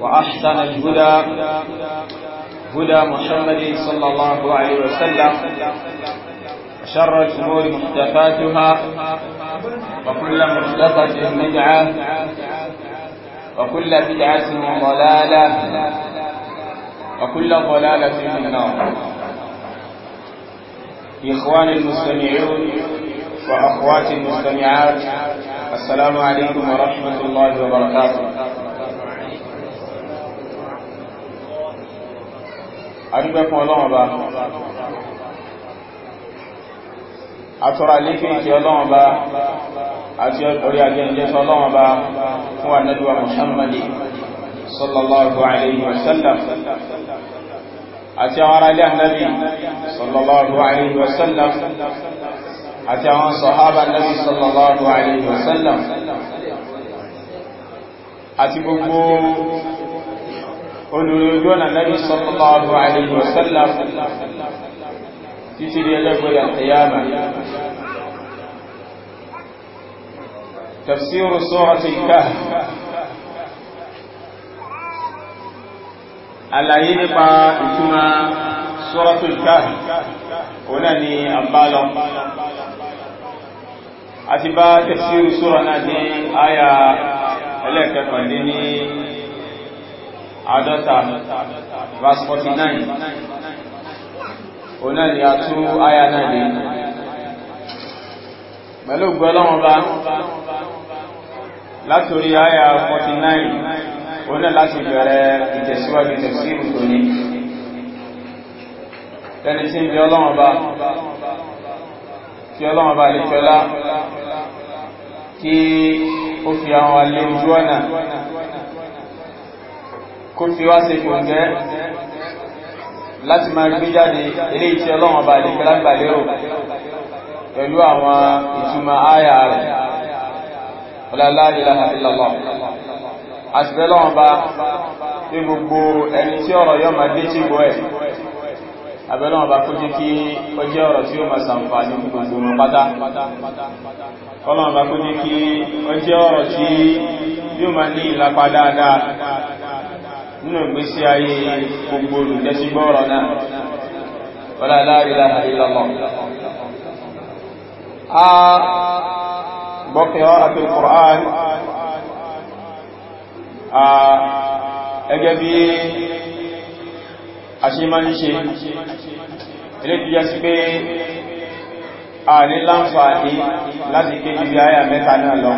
وأحسن الهدى هدى محمد صلى الله عليه وسلم وشر الأمور محدثاتها وكل محدثة بدعة وكل بدعة ضلالة وكل ضلالة من النار إخواني المستمعون وأخواتي المستمعات السلام عليكم ورحمة الله وبركاته adúgbẹ́ fún ọlọ́wọ́n bá àtọ́rà lékún ìkẹ́ ọlọ́wọ́n bá àti orí agẹ́gẹ́sọ ọlọ́wọ́n bá fún ànẹ́dùwà Muhammadi sallallahu alayhi wa sallam àti àwọn ará ilé ànẹ́bì sallallahu alayhi wa sallam olùròjú ọ̀nà Nabi sallallahu alaihi wasallam títí di ẹlẹ́gbẹ̀rẹ̀ àtẹyàmà tafsiru surati Kahf àlàyé nípa ìtumọ̀ surati Kahf ọ̀nà ni àbálọ́ àti bá tafsiru sọ́rọ̀ náà ní àyà ẹlẹ́kẹ̀kọ̀lẹ́ àádọ́ta verse 49 òun náà ni a tún àyà náà lè pẹ̀lú gbọ́lọ́wọ́n bá látorí àyà 49 òun náà láti bẹ̀rẹ̀ ìtẹ̀síwájú tẹ̀síwájú tó ní ẹni tí ń bí ọlọ́wọ́n bá tí ọlọ́wọ́n bá lè fẹ́lá kí ó fi àwọn alẹ́ ojú ọ̀nà kó fi wá ṣe kò ǹgẹ́ láti máa gbé jáde ilé ìtí ọlọ́wọ̀n bá lè gbẹ́lágbà lérò pẹ̀lú àwọn ìtumọ̀ àyà rẹ̀ ọlọ́lá ìlànà ìlànà àṣìbẹ́ lọ́wọ́n bá ní gbogbo ẹni tí ọ̀rọ̀ yọ máa dé tí gbọ́ ẹ̀ abẹ́lọ́wọ́n bá kó jẹ́ kí ó jẹ́ ọ̀rọ̀ tí ó nínú ìgbésí ayé gbogbo olùtẹ́sígbọ́rọ̀ náà wọ́n láàrílá àrílọ́mọ̀ a gbọ́kẹ̀ọ́ àti Kùránì a ẹgẹ́ bí a ṣe máa ń ṣe ilé ìjá sí pé a ní láǹfààní láti kéjì bí ayà mẹ́ta náà lọ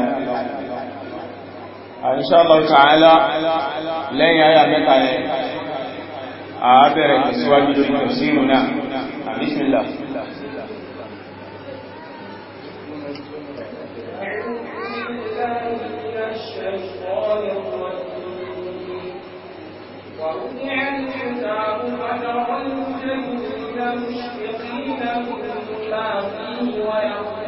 آه، ان شاء الله تعالى لن يا آية متى عابر السواد تفسيرنا بسم الله ووضع الكتاب فترى المجرمين مشفقين مما فيه ويقولون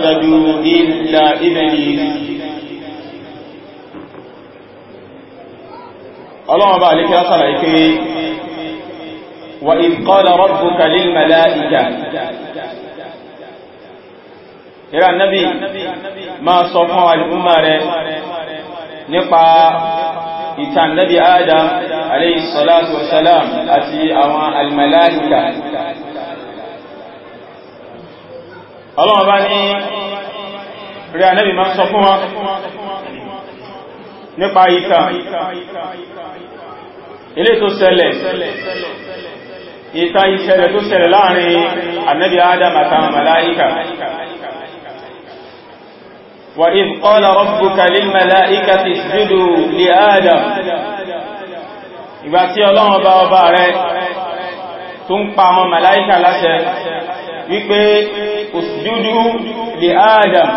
فسجدوا إلا إبليس ọlọ́wọ́ bá alẹ́kẹ́ lásàrà ikẹ́ wa ìkọ́lá rọ́bù kalil mala'ika ìrà nábi máa sọ fún al'umma rẹ̀ nípa ìtàn nábi adam alayhi salatu wasalam àti àwọn al-mala'ika ọlọ́run bá ní rí ànẹ́bì máa sọ fún wọn nípa ìkà ilé tó ṣẹlẹ̀ ìta ìṣẹlẹ̀ tó ṣẹlẹ̀ láàrin ànẹ́bì adam àtàwọn màláíkà وإذ قال ربك للملائكة اسجدوا لآدم ìgbà tí ọlọ́run bá ọba rẹ̀ tó ń pa àwọn màláíkà láṣẹ wípé usjudu li Adam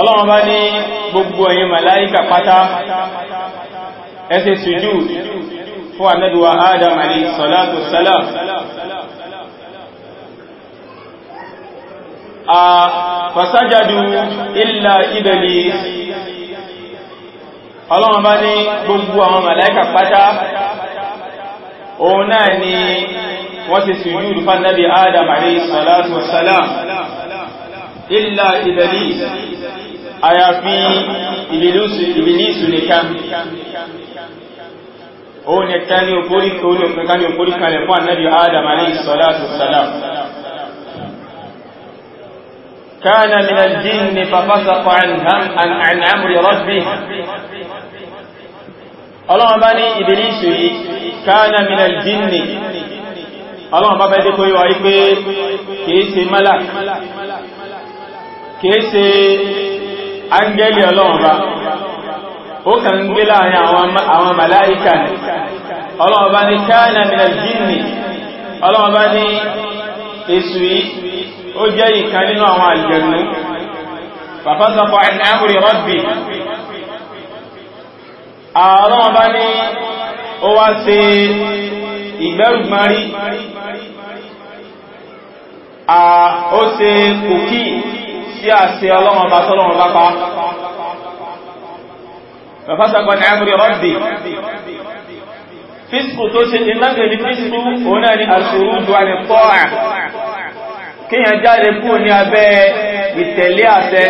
ọlọ́run bá ní gbogbo ẹ̀yin màláíkà pátá ẹ ṣe sujud fún ànábìwa Adam alayhi salatu salam a fasajadu illa Iblis ọlọ́run bá ní gbogbo àwọn màláíkà pátá òun náà ni wọ́n ti sùjúdù fún Nabi Adam alayhi salatu wassalam illa Iblis àyàfi Ìbílísù nìkan ó nìkan ní òkúrí kan ní òkúrí kalẹ̀ fún Nabi Adam alayhi salatu wassalam كان من الجن ففسق عن عن امر bá ní ìbìlísù yìí káàna minal jinni ọlọ́run bá fẹ́ jẹ́ kó yíwa wípé kìí ṣe mọ́lá kìí ṣe ángẹ́lì ọlọ́run bá ó kàn ń gbé láàrin àwọn màláìkà ní ọlọ́run bá ní káàna minal jinni ọlọ́run bá ní èsù yìí ó jẹ́ ìkan nínú àwọn àlùjànnú bàbá sọpọ̀ ní ó wá ṣe ìgbẹ́rùgbárí ó ṣe kòkí sí àṣẹ ọlọ́wọ́n bá tọ́lọ́wọ́n bá pa rafasakwa ní amri rabbi fíṣkù tó ṣe ìlànà ní fíṣkù òun náà ni àṣòrò jùwà ní tọ́à kíyàn jáde kú ní abẹ́ ìtẹ̀lé àṣẹ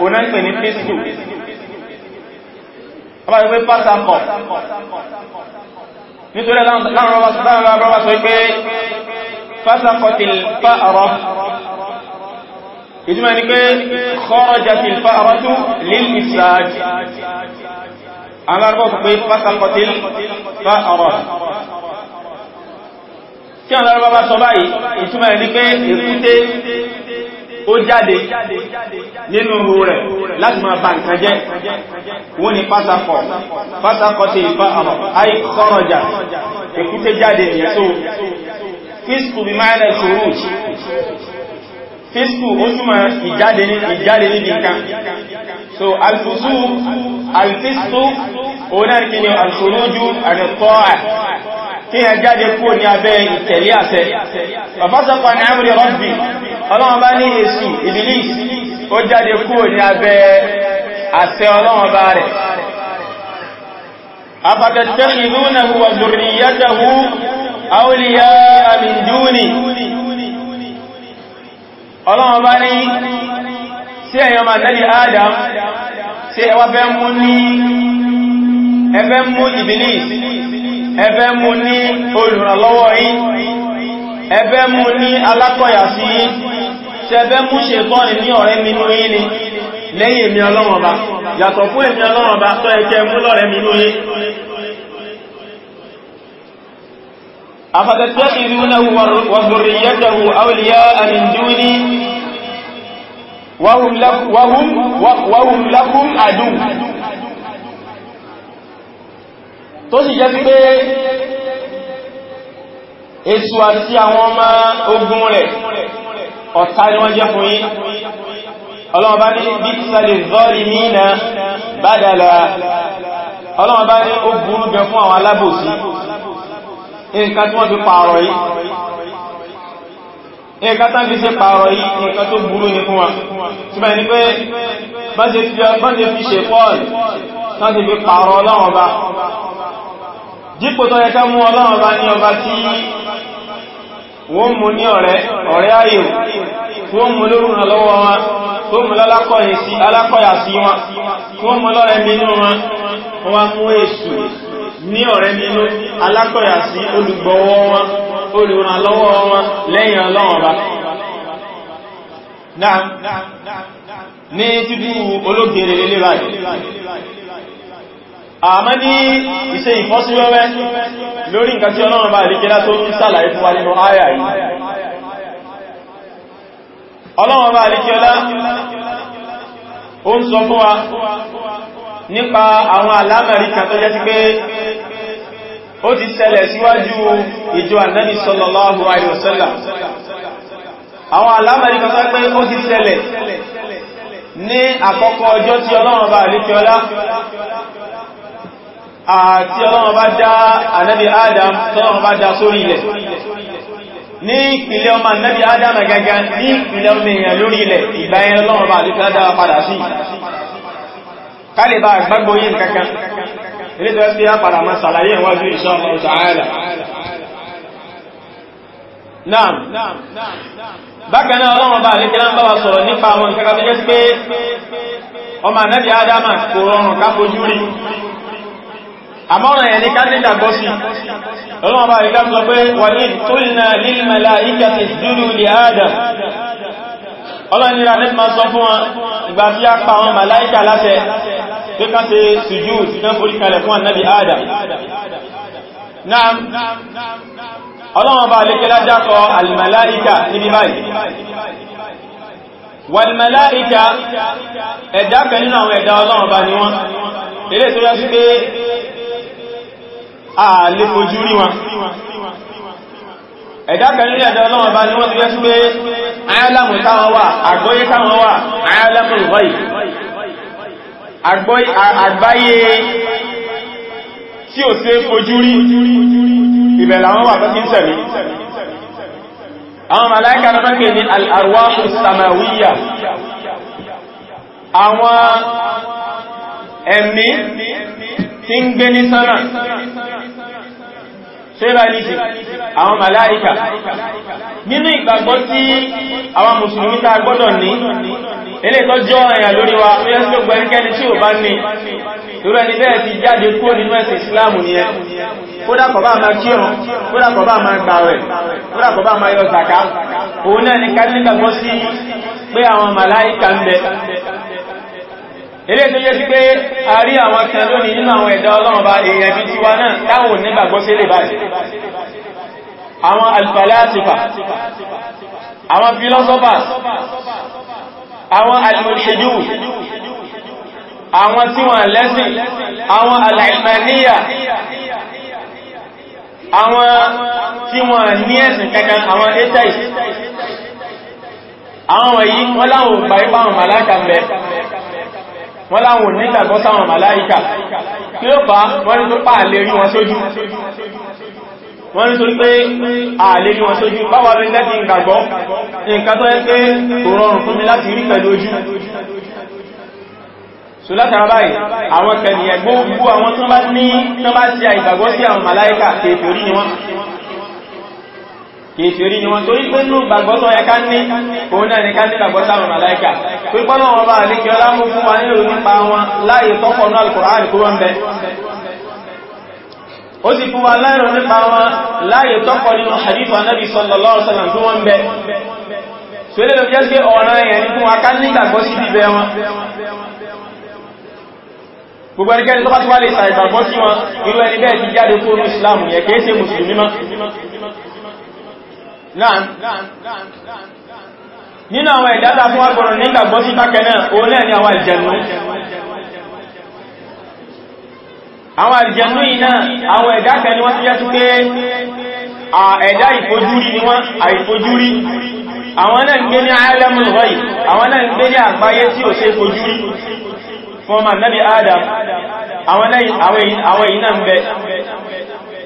òun náà ń pè ní fíṣkù ọba ìwé pásakọ̀ nítorí láàrín ọba sọ فسقت الفأرة. ìtumọ̀ ni pé kharajatil fa'ratu lil ifsad alárùbọ̀ sọ pé fasaqatil fa'ra tí alárùbọ̀ bá sọ báyìí ìtumọ̀ ni pé èkúté ó jáde nínú ru rẹ̀ láti máa ba nǹkan jẹ́ wọ́n ni pásákọ̀ pásákọ̀ sí ìfà àmọ̀ àìkọ́rọ̀jà èkúté jáde ìyẹ̀só fíṣkù bí máa rẹ̀ ṣòro fíṣkù ó túnmà ìjáde ní nìkan so alfusu alfíṣkù onárikí ni alṣòrójú àrẹ̀kọ́à kí a jáde kúrò ní abẹ́ ìtẹ̀lé àṣẹ bàbásọ́pàá ní àmìrí rọ́bì ọlọ́wọ́n bá ní èsù ìbìlìs ó jáde kúrò ní abẹ́ àṣẹ ọlọ́wọ́n bá rẹ̀ أفتتخذونه وذريته awliya min duni ọlọ́wọ́ bá ní sí ẹ̀yọ́ ma nẹ́bí adam sí ẹwà bẹ́ mú ní ẹbẹ́ mú ibilis ẹbẹ́ mú ní olùrànlọ́wọ́ yìí, ẹbẹ́ mú ní alákọ̀yà sí yín ṣẹbẹ́ mú ní ọ̀rẹ́ nínú lẹ́yìn ọlọ́wọ́ bá yàtọ̀ fún أفتتخذونه وذريته أولياء من دوني وهم لكم, وهم وهم لكم عدو tó sì jẹ́ pé Èṣù àti àwọn ọmọ ogun rẹ̀ ọ̀tá ni wọ́n jẹ́ fún yín ọlọ́ọ̀bá ní bíṣẹ́lẹ̀ zọ́lì mìína bádàlá ọlọ́ọ̀bá ní ó burú gan fún àwọn alábòsí nǹkan tí wọ́n fi pààrọ̀ yìí nǹkan tán fi ṣe pààrọ̀ yìí nǹkan tó burú ní fún wa ṣùgbọ́n ní pé bá ṣe fi ṣe pọ́ọ̀lù tán ti fi pààrọ̀ ọlọ́run ọba dípò tó yẹ ká mú ọlọ́run ọba ní ọba tí wọ́n mú ní ọ̀rẹ́ ọ̀rẹ́ ayò tó mú lórúnà lọ́wọ́ wọn tó mú lálákọ̀ọ́yà sí wọn ní ọ̀rẹ́ nínú alákọ̀yà sí olùgbọ̀wọ́ wọn olùrànlọ́wọ́ wọn lẹ́yìn ọlọ́wọ́n bá náà ní títí olóògèrè lélé báyìí ní iṣẹ́ ìfọ́síwẹ́wẹ́ lórí nǹkan tí ọlọ́run bá rí kílá tó ń sàlàyé fún wa nínú àyà yìí ọlọ́run bá rí kílá ó nípa àwọn alámẹ̀rí kan tó jẹ́ sí pé ó ti ṣẹlẹ̀ síwájú ìjọ ànábì sallallahu alaihi wasallam àwọn alámẹ̀rí kan tó pé ó ti ṣẹlẹ̀ ní àkọ́kọ́ ọjọ́ tí ọlọ́run bá Adam tọ́lọ́run bá dá sórí ilẹ̀ ní ìpìlẹ̀ ọmọ ànábì Adam gẹ́gẹ́ ní ìpìlẹ̀ ọmọ èèyàn lórí ilẹ̀ ìgbà ẹ̀rọ ọlọ́run bá àlékẹ́ ọlá padà sí kálẹ̀ bá gbogbo yìí kankan ilé tó ẹ́sì àpàdà máa sàlàyé ìwájú insha Allah ta'ala náà bákan náà ọlọ́wọ́n bá lè kílá ń bá wa sọ̀rọ̀ nípa àwọn ìkẹ́kẹ́ tó jẹ́ pé ọmọ ànẹ́bí adama kò rọrùn kápojú rí àmọ́ràn ẹni kálẹ́dà gọ́sí pé ká ṣe sujúd náà forí kalẹ̀ fún annabi adam náà ọlọ́wọ́n bá lékẹ́ lájásọ alìmàláìkà níbi báyìí wàlìmàláìkà ẹ̀dá kan nínú àwọn ẹ̀dá ọlọ́wọ́n bá ní wọ́n ilé tó rẹ́sí pé a lè fojú rí wọn ẹ̀dá kan nínú ẹ̀dá ọlọ́wọ́n bá ní wọ́n ti rẹ́sí pé ayálámù táwọn wà àgbóyé táwọn wà ayálámù ìwọ́yìí àgbáyé tí ò sí fojú rí ibẹ̀ làwọn wà tó kí ń sẹ̀mí àwọn màláíkà lọ́pẹ́ pè ní al-arwahu samawiyya àwọn ẹ̀mí tí ń gbé ní sánà sẹ́bàlìsì àwọn màláìkà nínú ìgbàgbọ́ tí àwọn mùsùlùmí ta gbọ́dọ̀ ní ilé tó jọ ẹ̀yà lórí wa fíyẹ́ sí gbogbo ẹnikẹ́ni tí ò bá ní lórí ẹni bẹ́ẹ̀ ti jáde kúrò nínú ẹ̀sìn islamu ni ẹ kódàkọ̀ bá máa ilé tó yẹ sí pé a rí àwọn kan lónìí nínú àwọn ẹ̀dá ọlọ́run bá èèyàn bí tiwa náà táwọn nígbàgbọ́ sí lè báyìí àwọn alfàlásífà àwọn philosophers àwọn alìmọ̀ṣẹ́jú àwọn tí wọ́n lẹ́sìn àwọn alàìmọ̀níyà àwọn tí wọ́n ní ẹ̀sìn kankan àwọn atheist àwọn wọ̀nyí wọ́n láwọn ògbà àwọn màláka mẹ́ wọ́n láwọn onígbàgbọ́ sáwọn màláíkà kí ló fà wọ́n ní tó pà lè rí wọn sójú wọ́n ní torí pé ààlè rí wọn sójú báwa rí lẹ́kì ìgbàgbọ́ nǹkan tó yẹ pé kò rọrùn fún mi láti rí pẹ̀lú ojú so látara báyìí àwọn kẹniyàn gbogbo àwọn tó bá ní tó bá ti àìgbàgbọ́ sí àwọn màláíkà kèfèrí ni wọ́n kèfèrí ni wọ́n torí pé ní gbàgbọ́sọ̀ ẹ̀ká ní òun náà ní ká ní gbàgbọ́sọ̀ àwọn màláìkà pé pọ́nà wọn bá ní kí ọlá mú fún wa ní ìròyìn nípa wọn láàyè tọ́kọ̀ náà Al-Qur'an kó wọ́n bẹ ó sì fún wa láìrò nípa wọn láàyè tọ́kọ̀ nínú hadith Ànábì sallallahu alaihi wasallam tó wọ́n bẹ sórí gbogbo ẹnikẹ́ni tó bá tó bá lè sàìgbàgbọ́ sí wọn irú ẹni bẹ́ẹ̀ ti jáde kúrò ní Islam yẹ kìí ṣe mùsùlùmí mọ́ nínú àwọn ìdádá fún agbọ̀rọ̀ nígbàgbọ́ sí tákẹ náà òun náà ni àwọn ìjẹ̀nú àwọn ìjẹ̀nú yìí náà àwọn ẹ̀dá kan ni wọ́n ti jẹ́ sí pé ẹ̀dá ìfojúrí ni wọ́n àìfojúrí àwọn náà ń gbé ní alamul ghaib àwọn náà ń gbé ní àgbáyé tí ò ṣe fojúrí fún ọmọ Nabi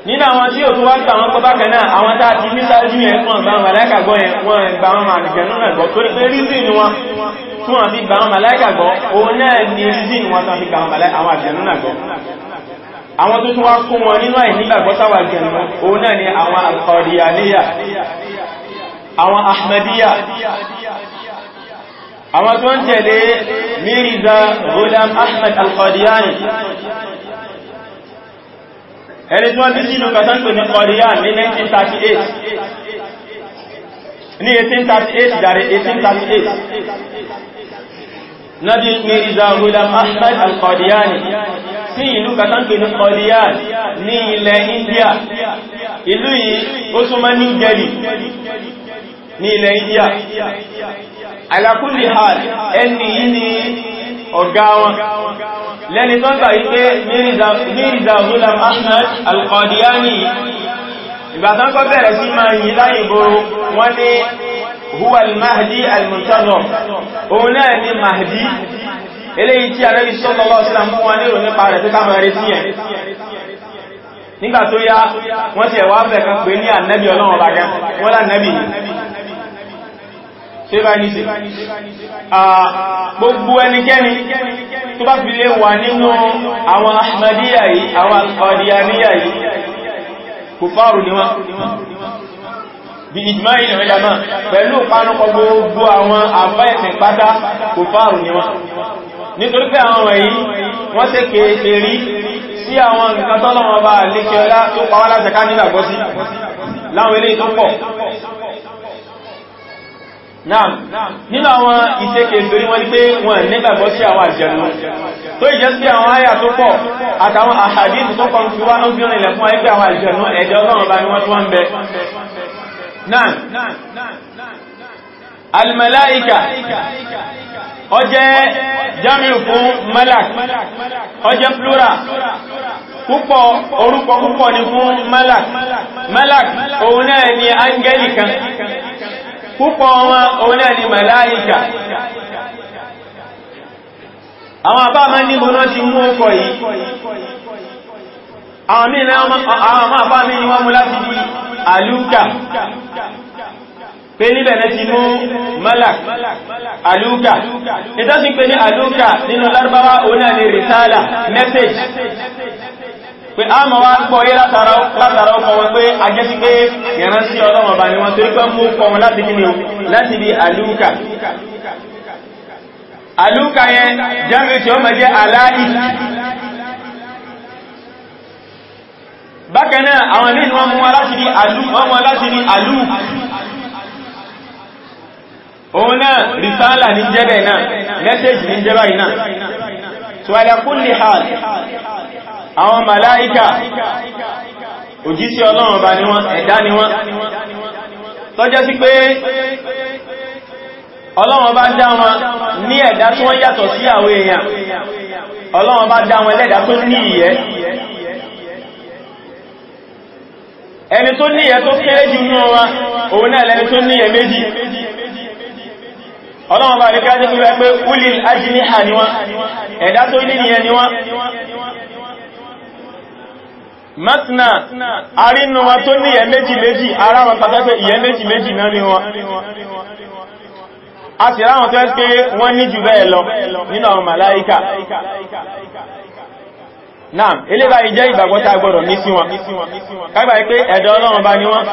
nínú àwọn tí ò tún wá gbà wọn pọ́ bákan náà àwọn tá a ti ní sáájú yẹn wọn gbà wọn màláìkà gbọ́ yẹn wọn gbà wọn màlìkà náà pé rízì ni wọn tún wọn fi gbà wọn màláìkà òun náà ni rízì ni wọn tán fi gbà wọn màláìkà àwọn àjẹ̀nú náà gbọ́ àwọn tó tún wá kó wọn nínú àìnígbàgbọ́ sáwà àjẹ̀nú òun náà ni àwọn àkọ̀dìyàníyà àwọn ahmadiyya àwọn tó ń tẹ̀lé Mirza Ghulam Ahmed al-Qadiani ẹni tí wọ́n bí sínú kàtàkì ní Korean ní 1938 ní 1838 jàre 1838 náà bí ní ìzàgùlá Ahmed al-Qadiani sí ìlú kàtàkì ní Korean ní ilẹ̀ India ìlú yìí ó súnmọ́ New Delhi ní ilẹ̀ India alákùnlé hàn ẹni yìí ni ọ̀gá wọn lẹ́ni tó gbà yí pé Mirza Ghulam Ahmad al-Qadiani ìgbàtán kọ́ bẹ̀rẹ̀ sí máa yìí láyé gbòrò wọ́n ní huwa al-mahdi al-muntazir òun náà ni mahdi eléyìí tí Ànábì sallallahu alaihi wasallam wọn ní ìròyìn pa rẹ̀ tó ká sí ṣébá ní ṣe gbogbo ẹnikẹ́ni tó bá fi lè wà nínú àwọn ahmadiyya yìí àwọn qadiyaniyya yìí kùfàrù ni wọ́n bí ìjìmá ìlú ìjàmá pẹ̀lú pánúkọ gbogbo àwọn àbá ẹ̀sìn pátá kùfàrù ni wọ́n nítorí pé àwọn wọ̀nyí wọ́n ṣe kèèrí sí àwọn nǹkan tọ́lọ́wọ́ bá lékẹ́ ọlá tó pàwọ́lá nínú àwọn ìṣẹ́kẹ̀ ìsorí wọ́n pé wọ́n nígbàgbọ́ sí àwọn àjẹ̀lú tó ìjẹ́ sí àwọn àyà tó pọ̀ àtàwọn àhàdìsì tó pọ̀ fi wá ń bí rìnlẹ̀ fún ẹgbẹ́ àwọn àjẹ̀lú ẹ̀dẹ́ ọlọ́run bá ní wọ́n tó ń bẹ almalaika ọjẹ́ jamiu fún malak ọjẹ́ plural púpọ̀ orúkọ púpọ̀ ni fún malak malak òun náà ni angelican púpọ̀ wọn òun náà ni màláìkà àwọn àbá máa ní gbóná ti mú ọkọ̀ yìí àwọn mílẹ̀ àwọn àbá mi ni wọ́n mú láti di àlúkà pé níbẹ̀ náà ti mú malak àlúkà ìtọ́sí pé ní àlúkà nínú lárúbáwá òun náà ni rìsálà message pé a mọ̀ wá gbọ́ yé látara ọkọ̀ wọn pé a jẹ́ sí pé ìrántí ọlọ́mọ̀ bá ní wọn torí pé mú kọ wọn láti kí ni o láti bí àlúkà àlúkà yẹn jẹ́mí tí ó mọ̀ jẹ́ aláì bákan náà àwọn ilé wọn mú wọn láti ní àlú òun náà rìsáàlà ní jẹ́bẹ̀ náà mẹ́sẹ̀jì ní jẹ́bẹ̀ náà hal àwọn màláíkà òjísí ọlọ́run ọba ni wọ́n ẹ̀dá ni wọ́n tọ́jẹ́ sí pé ọlọ́run bá dá wọn ní ẹ̀dá tí wọ́n yàtọ̀ sí àwọn èèyàn ọlọ́run bá dá wọn lẹ́dá tó ní ìyẹ́ ẹni tó ní ìyẹ́ tó kéré jù ní wọn òun náà lẹ́ni tó ní ìyẹ́ méjì ọlọ́run rí kájẹ́ pé ulil ni wọ́n ẹ̀dá tó ní ìyẹ́ ni wọ́n mẹ́tìnà arínú wọn tó ní ìyẹ́ méjì ara wọn tàbí ìyẹ́ méjì náà wọn a sì ráwọn tó ẹ́ pé wọ́n ní jù bẹ́ẹ̀ lọ nínú àwọn màláíkà náà eléba ìjẹ́ ìgbàgbọ́ta gbọ́dọ̀ ní sí wọn kágbà pé ẹ̀dọ́ Ọlọ́run bá ní wọn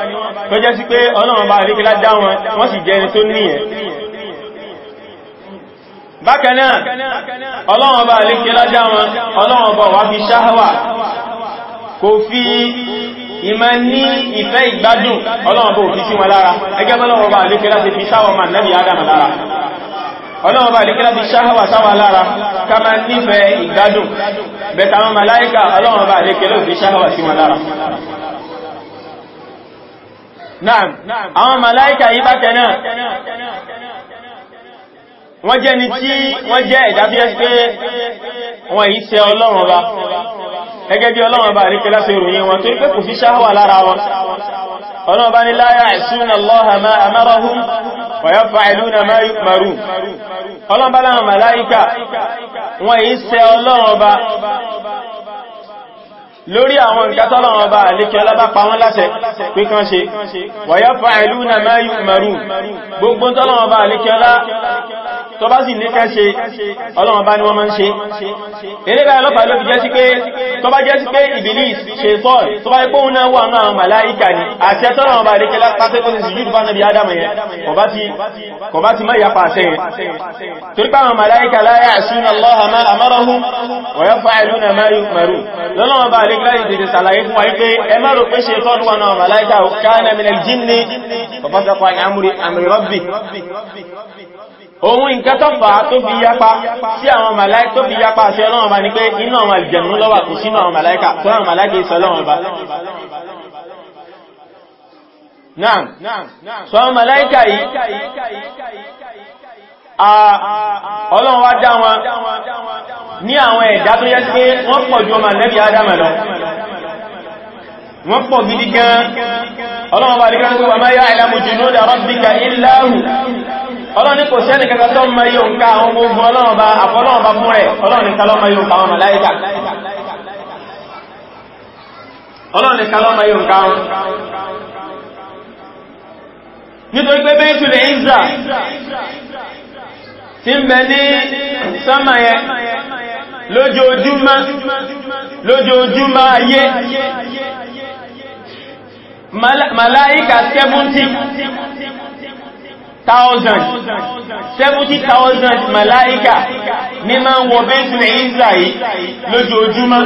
si si je kò fi ìmọ̀ ní ìfẹ́ ìgbádùn ọlọ́run bó fi sí wọn lára ẹgẹ́ bọ́lọ́run bá lékẹ́ láti fi sáwọ̀ mà nẹ́bí adam lára ọlọ́run bá lékẹ́ láti sáwà sáwà lára kama nífẹ́ ìgbádùn bẹ̀tàwọn màláíkà àwọn màláíkà wọ́n jẹ́ ni tí wọ́n jẹ́ ìdábíẹ́ pé wọ́n yìí tẹ ọlọ́run ọba gẹ́gẹ́ bí ọlọ́run ọba rí kẹlá sí ìròyìn wọn tó pẹ́ kò fi ṣáhọ́wà lára wọn ọlọ́run ọba ni la ya'suna lórí àwọn nǹkan tọ́lọ̀wọ̀n ọba àlékẹ́ ọlọ́bá pa wọ́n láṣẹ pé kán ṣe wàyá fa ìlú na máa yù mẹ́rù gbogbo tọ́lọ̀wọ̀n ọba àlékẹ́ ọlá tó bá sì ní kán ṣe ọlọ́wọ̀n bá ní wọ́n máa ń ṣe erébà ọlọ́pàá ló fi jẹ́ sí pé tó bá jẹ́ sí pé Ìbílísì ṣe sọ́ọ̀ tó bá ipò náà wà náà màláìkà ni àti ẹtọ́lọ̀wọ̀n ọba àlékẹ́ ọlá pàṣẹ tó ti sì jùlọ fánàbí ádámù yẹn kò bá ti má yapa àṣẹ yẹn torí pé àwọn màláìkà láyé láì dìde sàlàyé fún wáyé pé ẹ má rò pé ṣe tọ́nu wọn náà màláìkà kana min al-jinni pàpàtàkọ àmúrí àmì rabbi ohun nǹkan tó fà á tó fi yapa sí àwọn màláìkà tó fi yapa sí ọlọ́run ọba ni pé inú àwọn àlìjẹ̀nú lọ́wà kò sínú àwọn màláìkà tó àwọn màláìkà sọ ọlọ́run ọba náà sọ ọlọ́run wá dá wọn ní àwọn ẹ̀dá tó yẹ pé wọ́n pọ̀ ju ọmọ nẹ́bí adam lọ wọ́n pọ̀ gidi gan ọlọ́run bá dìkan tó wà máa yá ìlàmù jù lóòdà rọ́bíkà ìlàrù ọlọ́run kò sẹ́ni kankan tó mọ yóò ká àwọn gbogbo ọlọ́run nítorí pé bẹ́ẹ̀ tún lè ń zà tí ń bẹ ní sánmà yẹ lójoojúmọ́ lójoojúmọ́ ayé màláíkà 70,000 70,000 màláíkà ní máa ń wọ bẹ́ntìlẹ̀ israel lójoojúmọ́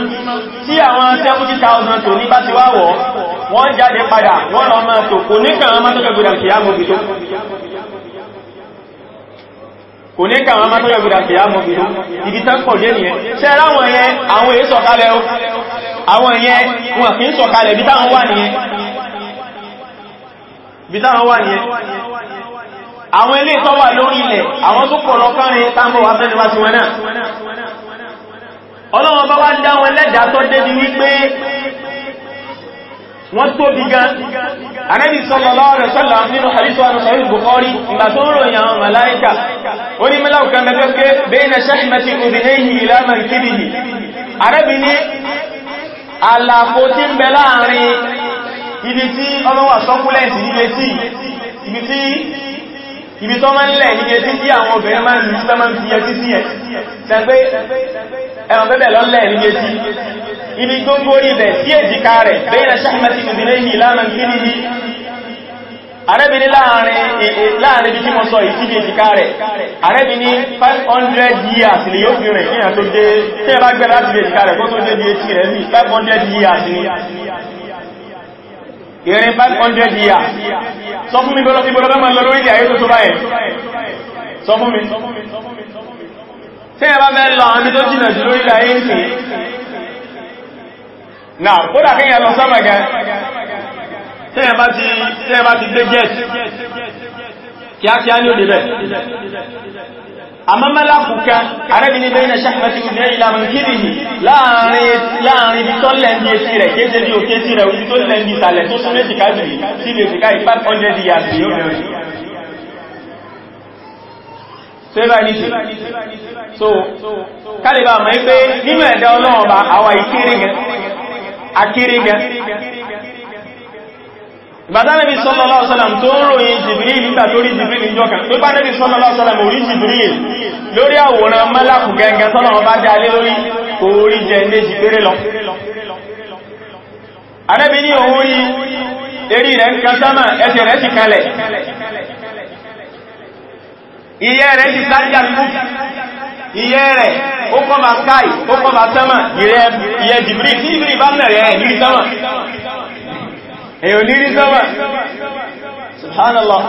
tí àwọn 70,000 tó ní bá ti wá wọ́ wọ́n jáde padà wọ́n lọ máa tò kò ní kàn án máa tó kẹgbẹ̀rẹ̀ kìí kò ní kàwọn mátọ́lá ìgbìdà kì á mọ̀ ìlú ibi tán pọ̀ jẹ́ nìyẹn ṣe ráwọn yẹn àwọn èé sọ̀kalẹ̀ o àwọn wọn kì í sọ̀kalẹ̀ bí táwọn wà nìyẹn bí táwọn wà nìyẹn àwọn ilé tó wà lórí ilẹ̀ àwọn tó pọ̀ lọ́kànrin táwọn wọ́n tóbi gan Ànábì sallallahu alaihi wasallam nínú hadithu àwọn sahih Bukhari ìgbà tó ń ròyìn àwọn màláíkà ó ní mẹ́lá òkè mẹ́kẹ́kẹ́ bayna shahmati udhinayhi ila mankibihi Ànábì ní àlàfo tí ń bẹ láàrin ibi tí ọmọ wà sọ́kúlẹ̀sì nílé sí ibi tó máa ń lẹ̀ nílé sí tí àwọn obìnrin ibi tó górí bẹ̀ sí èjìká rẹ̀ bẹ́yìnà ṣáhìmẹ́tì ìbìnlẹ́yìn ìlànà kílìhì arẹ́bìnrin láàrin e, e, bí mọ́ sọ ìsíbi èjìká rẹ̀ arẹ́bìnrin 500 years ni yóò fi rìn kí tó dé tí ẹ bá gbẹ́ láti èjìká rẹ̀ kó tó dé di etí rẹ̀ ní 500 years ni ìrìn 500 years sọ fún mi bọ́lọ́ sí bọ́lọ́ bẹ́mọ̀ lọ lórílẹ̀ ayé tó tó báyẹ̀ sọ fún mi tí ẹ bá bẹ́ lọ àmì tó jìnà jù lórílẹ̀ ayé ìsìn náà kódà kí ìyàn lọ sọ́mà gẹ tẹ́yàn bá ti gbé jet kíákíá ní òdè bẹ̀ àmọ́ mẹ́láàkù kan arẹ́bìnrin bẹ́ẹ̀ ní ṣàkàtí ìdẹ́ ìlànà kìdìní láàrin ibi tó lẹ́ndì èsì rẹ̀ kéje ní òkè sí rẹ̀ ibi tó lẹ́ndì ìsàlẹ̀ tó súnmé ti káàkiri sí lè fìká ipá 500 years yóò bẹ̀rẹ̀ sẹ́bà ní ṣe so kálíbà mẹ́ pé nínú ẹ̀dẹ́ ọlọ́ọ̀bà àwọn ìkéré akírígẹ ìbádánẹ́bí sallallahu alaihi wasallam tó ń ròyìn jìbìrì nígbà tó rí jìbìrì níjọ́kan tó bá nẹ́bí sallallahu alaihi wasallam orí jìbìrì lórí àwòrán mẹ́làkù gẹngẹn tọ́lọ̀ bá já lé lórí orí jẹ méjì péré lọ anẹ́bí ní òun rí rẹ̀ ń kan sámà ẹsẹ̀ rẹ̀ sì kalẹ̀ ìyẹ́ rẹ̀ ti sájà fún ìyẹ́ rẹ̀ ó kọ́ ma káì ó kọ́ ma sánmà ìyẹ́ jìbìrì tí ìbìrì bá nà rẹ̀ ní sánmà èyàn ní sánmà subhanallah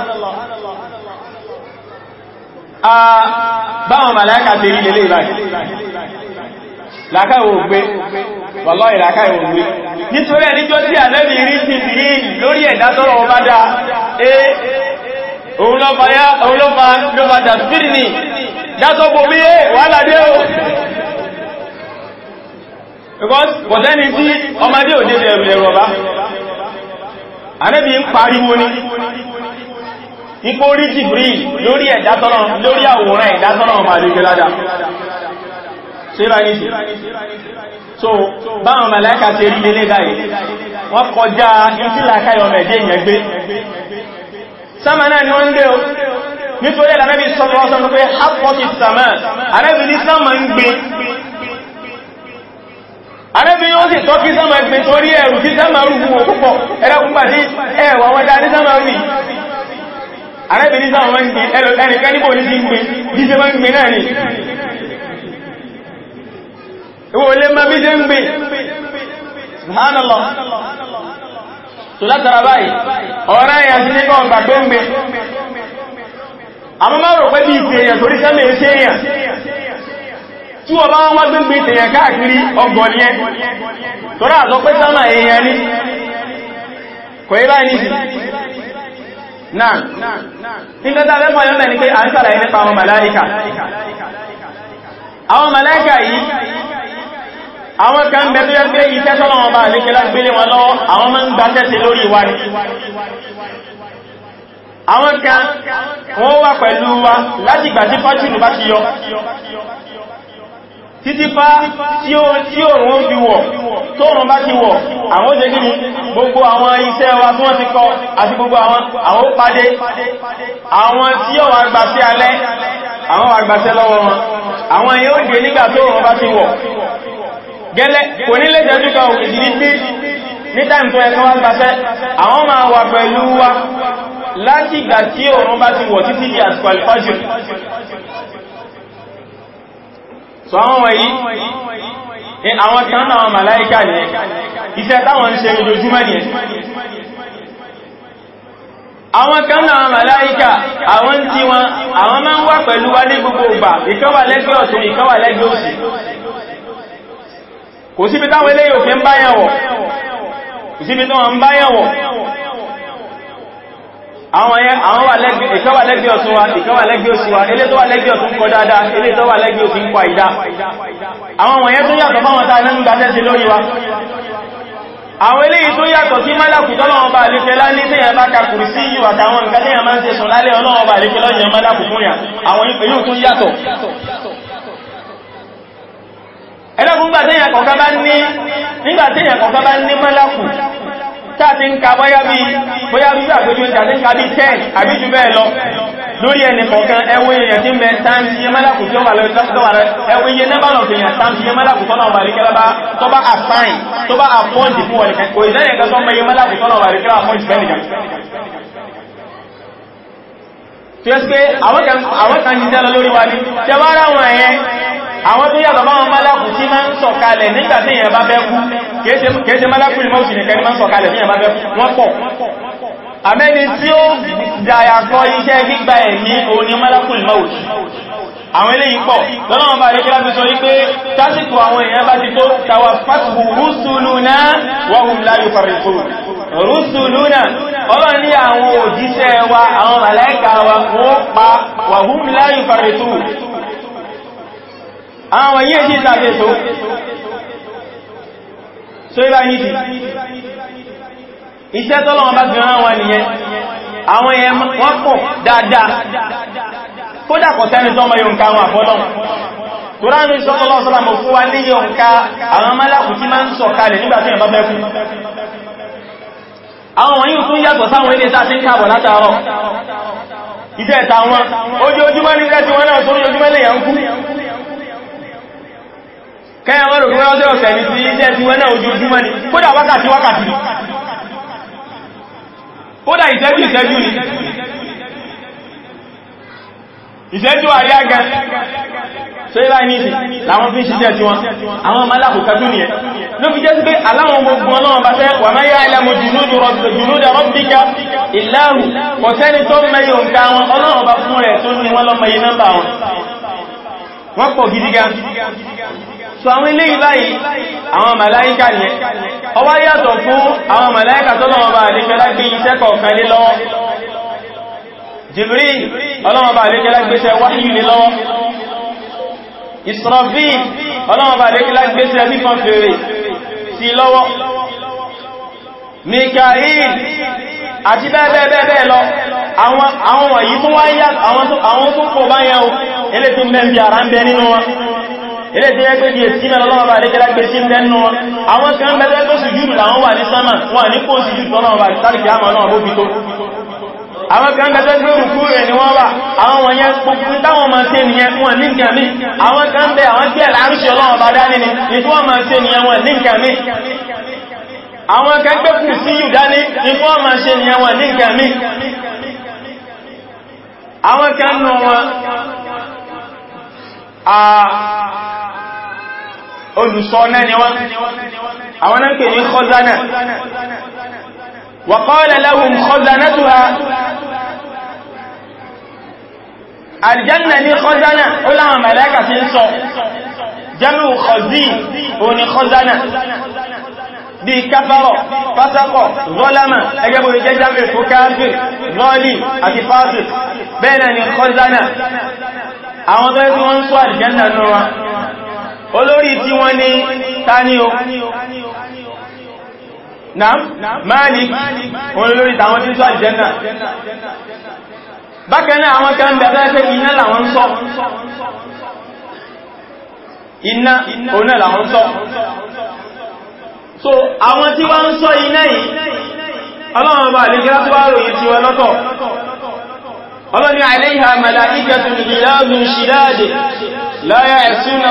a báwọn màláíkà tèrí lélé ìbáyìí làkáwò gbé wallahi làkáwò gbé nítorí ẹni tó tí àlẹ́bì rí ti fi lórí ẹ̀dá tọ́rọ ọba dáa òun ló fa yá òun ló fa ló fa dàbírì ni dátọ́ bò mí ẹ́ eh, wàhálà dé o because bọ̀tẹ́ni tí ọmọdé ò dédé ẹ̀rù ẹ̀rù ọba anẹ́bí ń pariwo ní ipò orí jìbìrì lórí ẹ̀dátọ́nà lórí àwòrán ẹ̀dátọ́nà ọmọ àdékẹ́ládà ṣe bá ní sí so báwọn mẹ́lẹ́kà ṣe rí lélẹ́dà yìí wọ́n kọjá ìtìlákà ọmọ ẹ̀dẹ́ ìyẹn gbé sama náà ni wọ́n ń gbé o nítorí ẹ̀lẹ́bí sọ́lọ́sọ́n pé hapọ́kì sama arẹ́bí ní sama ń gbé arẹ́bí yóò sì tọ́kí sama gbé torí ẹ̀rù tí sama rúgbù púpọ̀ ẹ̀rẹ́kúnpà sí ẹ̀wà wọ́n dá ní sama rí arẹ́bí ní sama ń gbé ẹnìkan níbò ní ti gbé bí ṣe ń gbé náà ni ìwò olè máa ń gbé tó látara báyìí ọ̀rẹ́ èèyàn sí amụma ọ̀gbà tó ń gbé àwọn máa rò pé bí ìpè èèyàn torí sẹ́lẹ̀ ṣe èèyàn tí wọ́n bá wọ́n ndị. gbégbé tèèyàn káàkiri ọgbọ̀n àwọn kan bẹ̀rẹ̀ yẹ́ pé iṣẹ́ tọ́lọ́wọ́ bá àlékẹ́ lágbélé wọn lọ́wọ́ àwọn máa ń gbáṣẹ́sẹ̀ lórí wa ní àwọn kan wọ́n wà pẹ̀lú wa láti gbà tí fájúlù bá ti yọ títí fá tí òòrùn fi wọ̀ tó òòrùn bá ti wọ̀ àwọn ó jẹ́ gíní gbogbo àwọn iṣẹ́ wa tí wọ́n ti kọ àti gbogbo àwọn pàdé àwọn tí ó wà gbàṣẹ́ alẹ́ àwọn wà gbàṣẹ́ lọ́wọ́ wọn àwọn yóò dé nígbà tó òòrùn bá ti wọ̀ gẹ́lẹ́ kò ní lẹ́jẹ́jú kan òkèjì ní pé ní táìmù tó ẹ̀kan wá gbáṣẹ́ àwọn máa wà pẹ̀lú wa láti ìgbà tí òun bá ti wọ̀ títí di àsìkò so àwọn wọ̀nyí ni àwọn kan náà màláíkà ní iṣẹ́ táwọn ń ṣe ojoojúmọ́ ní àwọn kan náà màláíkà àwọn tí wọn àwọn máa ń wà pẹ̀lú wa ní gbogbo ìgbà ìkan ọ̀tún ìkan òsì kò síbi táwọn eléyìí òfin ń báyàwọ̀ kò síbi táwọn ń báyàwọ̀ àwọn ẹ̀ àwọn wà lẹ́gbẹ̀ẹ́ ìkọ́wà lẹ́gbẹ̀ẹ́ ọ̀tún wa ìkọ́wà lẹ́gbẹ̀ẹ́ òsì wa ilé tó wà lẹ́gbẹ̀ẹ́ ọ̀tún kọ dáadáa ilé tó wà lẹ́gbẹ̀ẹ́ òsì ń kọ àìdá àwọn wọ̀nyẹ́ tó yàtọ̀ fáwọn tàà nínú gbàtẹ́sì lórí wa àwọn eléyìí tó yàtọ̀ sí málàkù tọ́lọ́wọ́n bá àlefẹ́ lálé tẹ́yà bá kàkùrù sí yíò àtàwọn nǹkan tẹ́yà máa ń tẹ́sùn lálẹ́ ọlọ́wọ́n bá àlefẹ́ lọ́yìn málàkù fún yà àwọn ìpẹ̀lú tó yàtọ̀ ẹlẹ́kùn nígbàtẹ́yàn kọ̀ọ̀kan bá ní nígbàtẹ́yàn kọ̀ọ̀kan bá ní mọ́lákù tàbí ń ka bóyá bí bóyá bí àgbójú ìjà ní ń ka bí 10 àbí jù bẹ́ẹ̀ lọ lórí ẹni kọ̀ọ̀kan ẹwọ èèyàn tí mẹ táǹtì yẹ mẹ́lákù tí ó wà lórí lọ́sọ̀tọ̀ wà rẹ ẹwọ iye nẹ́bàlọ̀ èèyàn táǹtì yẹ mẹ́lákù tọ́nà wà rí kẹ́lá tó bá àfáìn tó bá àpọ́ǹdì fún wọ̀lẹ̀kẹ́ kò ìdáyẹ̀ gẹ́gọ́ mẹ́ yẹ mẹ́lákù tọ́nà tí ó pé àwọn kan jíjẹ́ lọ lórí wa ní tẹbára wọn ẹ̀yẹ àwọn tó yàtọ̀ bá wọn málàkù tí máa ń sọ̀kalẹ̀ nígbàtí èyàn bá bẹ́ kú kéèṣe málàkù ní mọ́sù nìkan ní máa ń sọ̀kalẹ̀ ní èyàn bá wọ́n pọ̀ àmẹ́ni tí ó dàyàkọ́ iṣẹ́ gbígba ẹ̀mí òní málàkù ní mọ́sù àwọn eléyìí pọ̀ lọ́nà bá rẹ̀ kílá sọ wípé tásìkò àwọn èèyàn bá ti tó tàwà fásitì rúsùlù náà wọ́n hùn láyé fàrẹ̀kùrù rúsùlúnà ọlọ́run ní àwọn òjíṣẹ́ wa àwọn màláíkà wa wọ́n pa wàhún láyé fàrètù àwọn yíè sí ìsàfẹ́só so ibá nídi iṣẹ́ tọ́lọ́wọ́n bá gbìyàn wọn nìyẹn àwọn yẹn wọ́n pọ̀ dáadáa kódà kò sẹ́ni tọ́mọ yóò nǹkan wọn àfọ́lọ́ Kùránì sọ́kọ́lọ́sọ́lá mọ̀ fún wa ní yóò nǹkan àwọn mọ́lákùn àwọn wọ̀nyí tún yàtọ̀ sáwọn ilé tàbí kààbọ̀ látàárọ̀ ìjẹ́ ẹ̀ta wọn ojoojúmọ́ ní ẹ̀tí wọn náà tó ní ojúmọ́ lè yàn kú kẹ́yàn wọ́n rògbé ọjọ́ ọ̀sẹ̀ ní ti iṣẹ́ ti wọn náà ojoojúmọ́ ni kódà wákàtí wákàtí ìṣẹ́jú àríyá gan so ilá ìníṣì láwọn fi ń ṣiṣẹ́ tí wọn àwọn malakùka tó nìyẹn ló fi jẹ́ sí pé aláwọn gbogbo ọlọ́wọ́n bá fẹ́ wà mẹ́yà ìlàmù jùlúdà rọ́bíkà ìlàrù kọ̀sẹ́ni tó mẹ́yà òǹkà wọn ọlọ́wọ́n bá fún rẹ̀ tó ní wọ́n lọ́mọ yìí nọ́mbà wọn wọ́n pọ̀ gidigan so àwọn ilé ìbáyìí àwọn màláíkà Jibril ọlọ́wọ́n bá lékẹ́lá gbéṣẹ́ wáyé ilé lọ́wọ́ Israfil ọlọ́wọ́n bá lékẹ́lá gbéṣẹ́ nífọn fèrè sí lọ́wọ́ Mikail àti bẹ́ẹ̀bẹ́ẹ̀bẹ́ẹ̀ lọ àwọn wọ̀nyí tó wá yá àwọn tó kò bá yẹn o ilé tí mẹ́bí ara ń bẹ nínú wọn ilé tí yẹ́ pé di èsì mẹ́rin ọlọ́wọ́ bá lékẹ́lá gbé sí ilẹ̀ nínú wọn àwọn kan bẹ́ẹ̀ tó sì jùlọ àwọn wà ní sánmà wọn ní kó sì jùlọ ọlọ́wọ́ bá tàbí àmà náà bó fi tó àwọn kan bẹ̀tọ́ tí ó rùkú rẹ̀ ni wọ́n wà àwọn wọ̀nyẹn gbogbo táwọn máa ṣe nìyẹn wọn ní nǹkan mí àwọn kan bẹ̀ àwọn tí ẹ̀lá ń ṣe bá dání ni ìfún wọn máa ṣe nìyẹn wọn ní nǹkan mí àwọn kan gbé kù sí yù dání ìfún wọn máa ṣe nìyẹn wọn ní nǹkan mí àwọn kan nù wọn olùsọ náà ni àwọn náà pè ní kọ́zánà wàkọ́ọ̀lẹ̀ lẹ́wùn kọ́zánà aljanna ní kọzánà ó láwọn mẹ́lẹ́kà sí ń sọ jẹ́mù kọzí ó ní kọzánà bí káfàrọ̀ fásákọ̀ rọ́lámà ẹgbẹ́ bó jẹ́ jámẹ́ fún káàfì rọ́lì àti fásì bẹ́ẹ̀nà ní kọzánà àwọn tó ẹ́sí wọ́n ń tàwọn tí ń sọ aljanna bákanáà àwọn kan bẹ̀rẹ̀ pé iná làwọn sọ iná oná làwọn sọ so àwọn tí wọ́n ń sọ iná yìí ọlọ́run bá lè gẹ́gẹ́ tó bá ròyìn tí wọ́n lọ́tọ̀ ọlọ́ni àìlẹ́yìn àmàlàíkàtún ìlàdùn ṣìdáàdì láyá na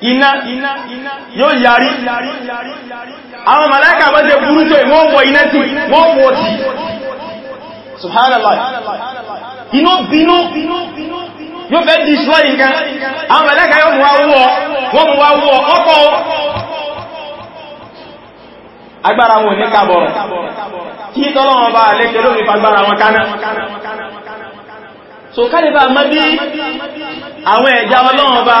iná yóò yarí àwọn màláíkà bá jẹ burú tó wọ́n wọ iná tí wọ́n wọ tí subhanallah inú bínú yóò fẹ́ di ìṣúwọ́ nǹkan àwọn màláíkà yóò mú wá wọ́ wọ́n mú wá wọ́ ọkọ̀ agbára wọn ní kàbọ̀rọ̀ kí tọ́lọ́wọ́n bá lẹ́kẹ̀ẹ́ lórí fagbára wọn káná so kálíbà mọ́ bí àwọn ẹ̀dá ọlọ́run ọba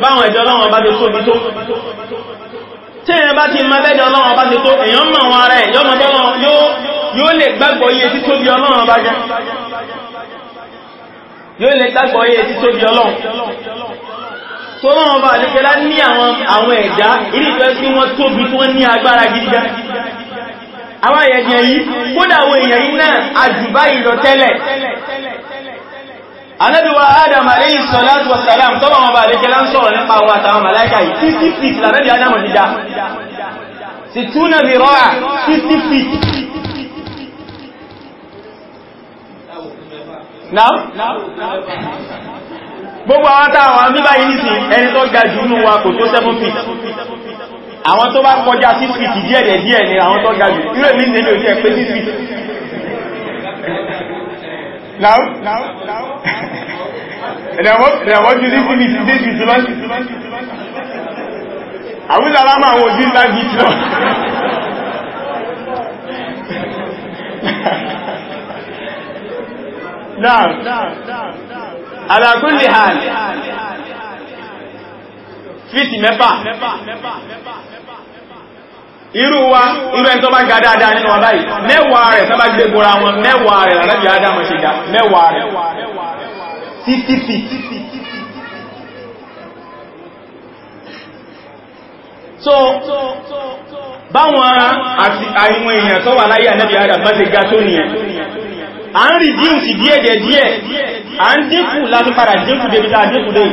báwọn ẹ̀dá ọlọ́run ọba tó tóbi tó tí èyàn bá ti mọ́ bẹ́ẹ̀dá ọlọ́run ọba tó tó èyàn mọ̀ wọn ara ẹ̀ yóò lè gbàgbọ́ iye tí tóbi ọlọ́run ọba jẹ́ yóò lè gbàgbọ́ iye tí tóbi ọlọ́run tó wọ́n ọba àdíkẹ́lá ní àwọn ẹ̀dá ìrìfẹ́ sí wọ́n tóbi tó àwọn èèyàn yìí kódà àwọn èèyàn yìí náà àjùbá ìlọ tẹ́lẹ̀ anábíwá adam alayhi salatu wa salam tọ́wọ́ wọn bá lè jẹ́ lánsọ̀rọ̀ nípa àwọn àtàwọn màláìkà yìí 50 feet lànàbí adam ti já sì túnà bí rọ́à 50 feet gbogbo àwọn àtàwọn bíbá yìí nìsìn ẹni tó ga jù nínú wa kò tó 7 feet àwọn tó bá kọjá sí fìtì díẹ̀ díẹ̀ ni àwọn tó gajù irú èmì nílò ní ẹ̀pẹ́ sí fìtì ìrẹ̀wọ́jú sí fìtì sí fìtì sí lọ́nà àwúzàlá máa wò sí láti tí lọ ala kulli hal fìtì mẹ́fà irú wa irú ẹni tó bá ga dáadáa nínú wa báyìí mẹ́wàá rẹ̀ sábà gbé gbora wọn mẹ́wàá rẹ̀ lábí adámọ̀ ṣe ga mẹ́wàá rẹ̀ títí so báwọn àìwọn èèyàn tó wà láyé ànábì adam bá ti ga tó nìyẹn a ń rí díùsì díẹ̀dẹ̀ díẹ̀ a ń dínkù láti padà dínkù débi dínkù dé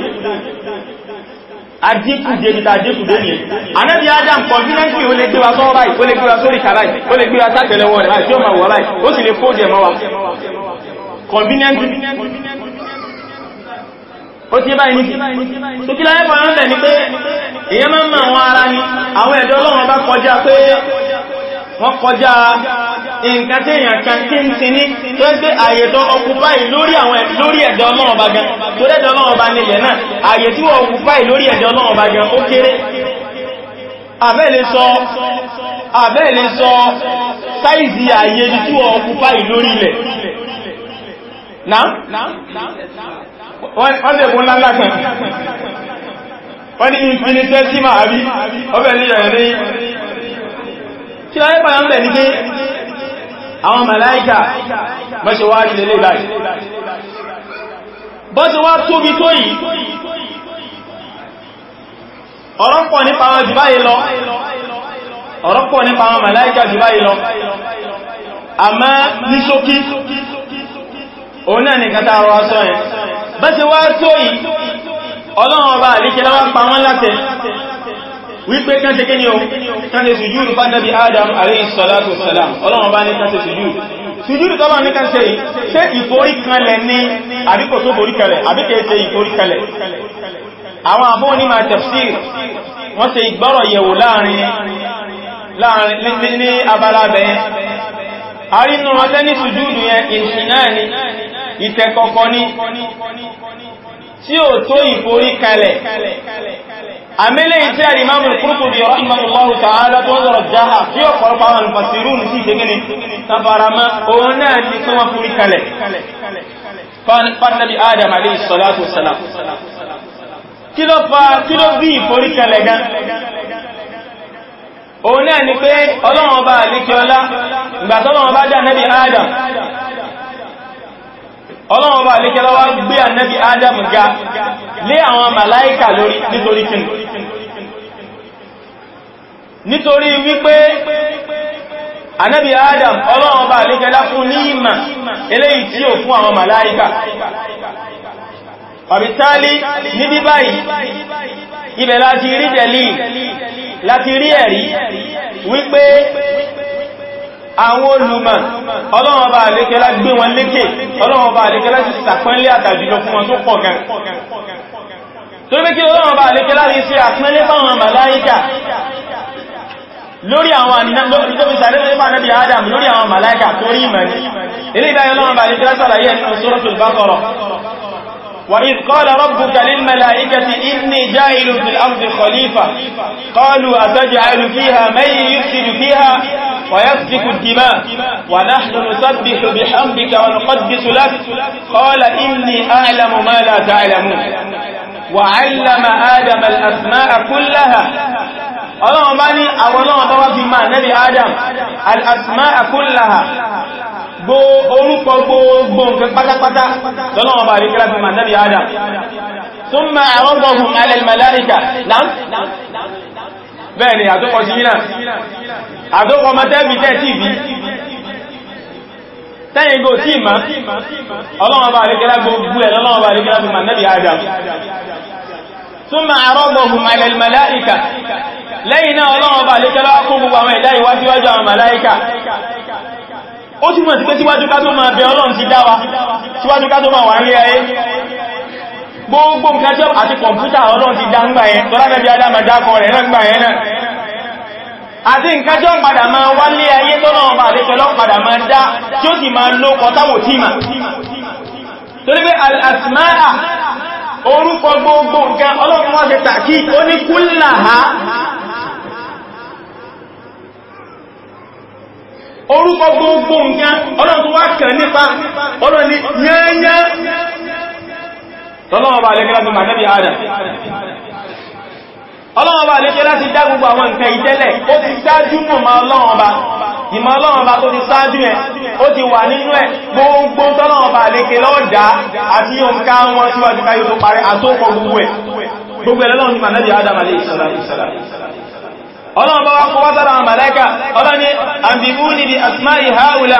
adékùdé bí ta adékùdé ní anábi adam confidently ó lè gbé wa sọ́wọ́ báyìí ó lè gbé wa sórí ìka báyìí ó lè gbé wa sátẹ̀lẹ́wọ́ rẹ̀ báyìí tí ó máa wà báyìí ó sì lè fóòdì ẹ̀mọ́ wa conveniently ó ti báyìí nìkì tó kí láyé pọ̀ ní pé èèyàn máa ń mọ àwọn ara ni àwọn ẹ̀dọ́ ọlọ́run bá kọjá pé wọ́n kọjá nǹkan tí èèyàn kan kí ń ti ní tó ń pé ààyè tó ọkùpáì lórí àwọn lórí ẹ̀dọ̀ ọlọ́run bá gan tó dẹ́dọ̀ ọlọ́run bá nílẹ̀ náà ààyè tí wọ́n ọkùpáì lórí ẹ̀dọ̀ ọlọ́run bá gan ó kéré àbẹ́ẹ̀lẹ́ sọ sáìzì ààyè tí wọ́n ọkùpáì lórí ilẹ̀ wọ́n lè mún lálá kan wọ́n ní infinitesimal àbí ọbẹ̀ ní ẹ̀rẹ́ kí láyé pàdà ń bẹ̀ ní pé àwọn màláíkà mọ́ṣe wá rí lélé báyìí bọ́ ti wá tóbi tó yìí ọ̀rọ̀ pọ̀ nípa àwọn jù báyìí lọ ọ̀rọ̀ pọ̀ nípa àwọn màláíkà jù báyìí lọ àmá ní ṣókí òun náà ní kátà ọ̀rọ̀ aṣọ yẹn bọ́ ti wá tó yìí ọlọ́run ọba àríkẹ́lá wá pa wọ́n látẹ̀ wípé kán ṣe kíni o kán ṣe sùjúdù fún Ànábì Adam alayhi salatu wassalam ọlọ́run bá ní kán ṣe sùjúdù sùjúdù tọ́lọ́ ní kán ṣe yìí ṣe ìforíkanlẹ̀ ní àbíkò tó foríkanlẹ̀ àbíkò ṣe ìforíkanlẹ̀ àwọn àbọ́ onímọ̀ tafsir wọ́n ṣe ìgbọ́rọ̀ yẹ̀wò láàrin ní abala bẹ̀yẹn àrínú ọjẹ́ ní sùjúdù yẹn ìṣìnáà ni ìtẹ̀kọ̀kọ̀ ni tí ó tó ìforí kalẹ̀ àmìlẹ̀ ìtí àrímámù Qurtubi rahimahullahu ta'ala tó lọ́rọ̀ jáhà tí ó pọ̀lọpọ̀ àwọn alfasirun sí ìdígini tabarama òun náà ní tí wọ́n forí kalẹ̀ fánàbí Adam alayhi salatu wasalam kí ló fa kí ló bí ìforí kalẹ̀ gan òun náà ni pé ọlọ́wọ́n bá àlíkíọlá ìgbàtọ́lọ́wọ́n bá dá nẹ́bí Adam ọlọ́wọ́ bá lè kẹlọ́wọ́ gbé ànábì adam ga lé àwọn màláíkà lórí nítorí kí nítorí wípé ànábì adam ọlọ́wọ́ bá lè kẹlá fún ní ìmà eléyìí tí ó fún àwọn màláíkà ọ̀bìtálí níbi báyìí ibẹ̀ láti rí jẹ̀lì láti rí ẹ̀rí wípé àwọn olùmọ̀ ọlọ́wọ́n bá àlékẹ́ láti gbé wọn lékè ọlọ́wọ́n bá àlékẹ́ láti sàpẹ́lé àtàjùlọ fún wọn tó pọ̀ gan tó rí kí ọlọ́wọ́n bá àlékẹ́ láti ṣe àpẹ́lé fáwọn màláíkà lórí àwọn àníjọ́bìsàrẹ́ وإذ قال ربك للملائكة إني جائل في الأرض خليفة قالوا أتجعل فيها من يفسد فيها ويسفك الدماء ونحن نسبح بحمدك ونقدس لك قال إني أعلم ما لا تعلمون وعلم آدم الأسماء كلها الله ماني أولا àwọn ما نبي آدم الأسماء كلها orúkọ gbogbo nǹkan pátápátá lọ́lọ́wọ́ bá rí kíra bí màndàbí adam thumma àrọ́gbọ̀hùn ala al-malaika náà bẹ́ẹ̀ni àtọ́kọ̀ sí náà àtọ́kọ̀ mọ́tẹ́bì tẹ́ sí ibi tẹ́yìn gò tí ìmá ọlọ́wọ́ bá rí kíra náà ọlọ́wọ́ bá rí ó tún mọ̀ sí pé síwájú ká tó máa bẹ ọlọ́run ti dáwà síwájú ká tó máa wà rí ayé gbogbo nkájọ́ àti kọmpútà ọlọ́run ti dá ńgbà yẹn tọ́lá nẹ́bí adámàjákọ rẹ̀ náà àti nkájọ́ padà máa wá lé ayé tọ́lọ́run padà máa dá orúkọ gbogbo nǹkan ọlọ́run tó wá kàn nípa ọlọ́run ni yẹ́yẹ́ tọ́lọ́wọ́ bá lẹ́kẹ́ láti màtẹ́bí ààrẹ ọlọ́run bá lẹ́kẹ́ láti dá gbogbo àwọn nǹkan ìtẹ́lẹ̀ ó ti sáájú mọ̀ ma ọlọ́run bá ìmọ̀ ọlọ́run bá tó ti sáájú ẹ̀ ó ti wà nínú ẹ̀ gbogbo tọ́lọ́run bá lẹ́kẹ́ lọ́dá àti òǹkà wọn síwájú káyó tó parí àtókọ gbogbo ẹ̀ gbogbo ọlọ́run bá wá kó wásàrà àwọn màláíkà ọlọ́ni àbìbú ní di asmáì haúlá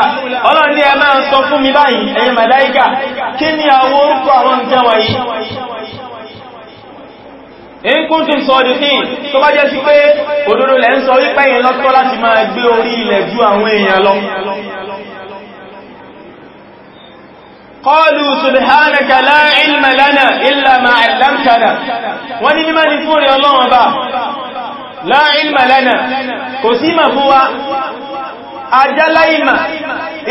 ọlọ́ni ẹ máa sọ fún mi báyìí ẹ̀yin màláíkà kí ni àwọn orúkọ àwọn nǹkan wọ̀nyí in kuntum sadiqin tó bá jẹ́ sí pé òdodo lẹ́ ń sọ wípé yìí lọ́tọ́ láti máa gbé orí ilẹ̀ ju àwọn èèyàn lọ qalu subhanaka la ilma illa ma 'allamtana wọ́n ní mímọ́ ni fún rí ọlọ́run bá la ilma lana kò sí mà fún wa ajá láìmà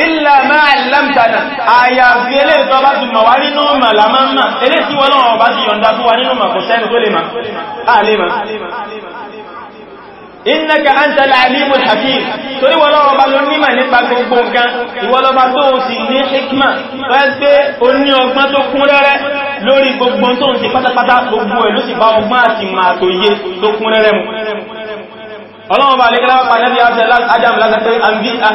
illa ma 'allamtana àyàfi eléyìí tó bá ti mọ̀ wá nínú mà lámàmà eléyìí wọ́n náà bá ti yọ̀ǹda fún wa nínú mà kò sẹ́ni tó lè mà innaka anta al-alimul hakim torí wọ́n lọ́wọ́ bá ló nímà nípa gbogbo nǹkan ìwọ́lọ́bá tó ń sì ní hikma wẹ́gbẹ́ o ní ọgbọ́n tó kún rẹ́rẹ́ lórí gbogbo tó ń sì pátápátá gbogbo ẹ̀ ló sì bá ọgbọ́n àti màá tó yé tó kún rẹ́rẹ́ mu ọlọ́wọ́ bá lẹ́kẹ́lá pàdébí adam lásàkẹ́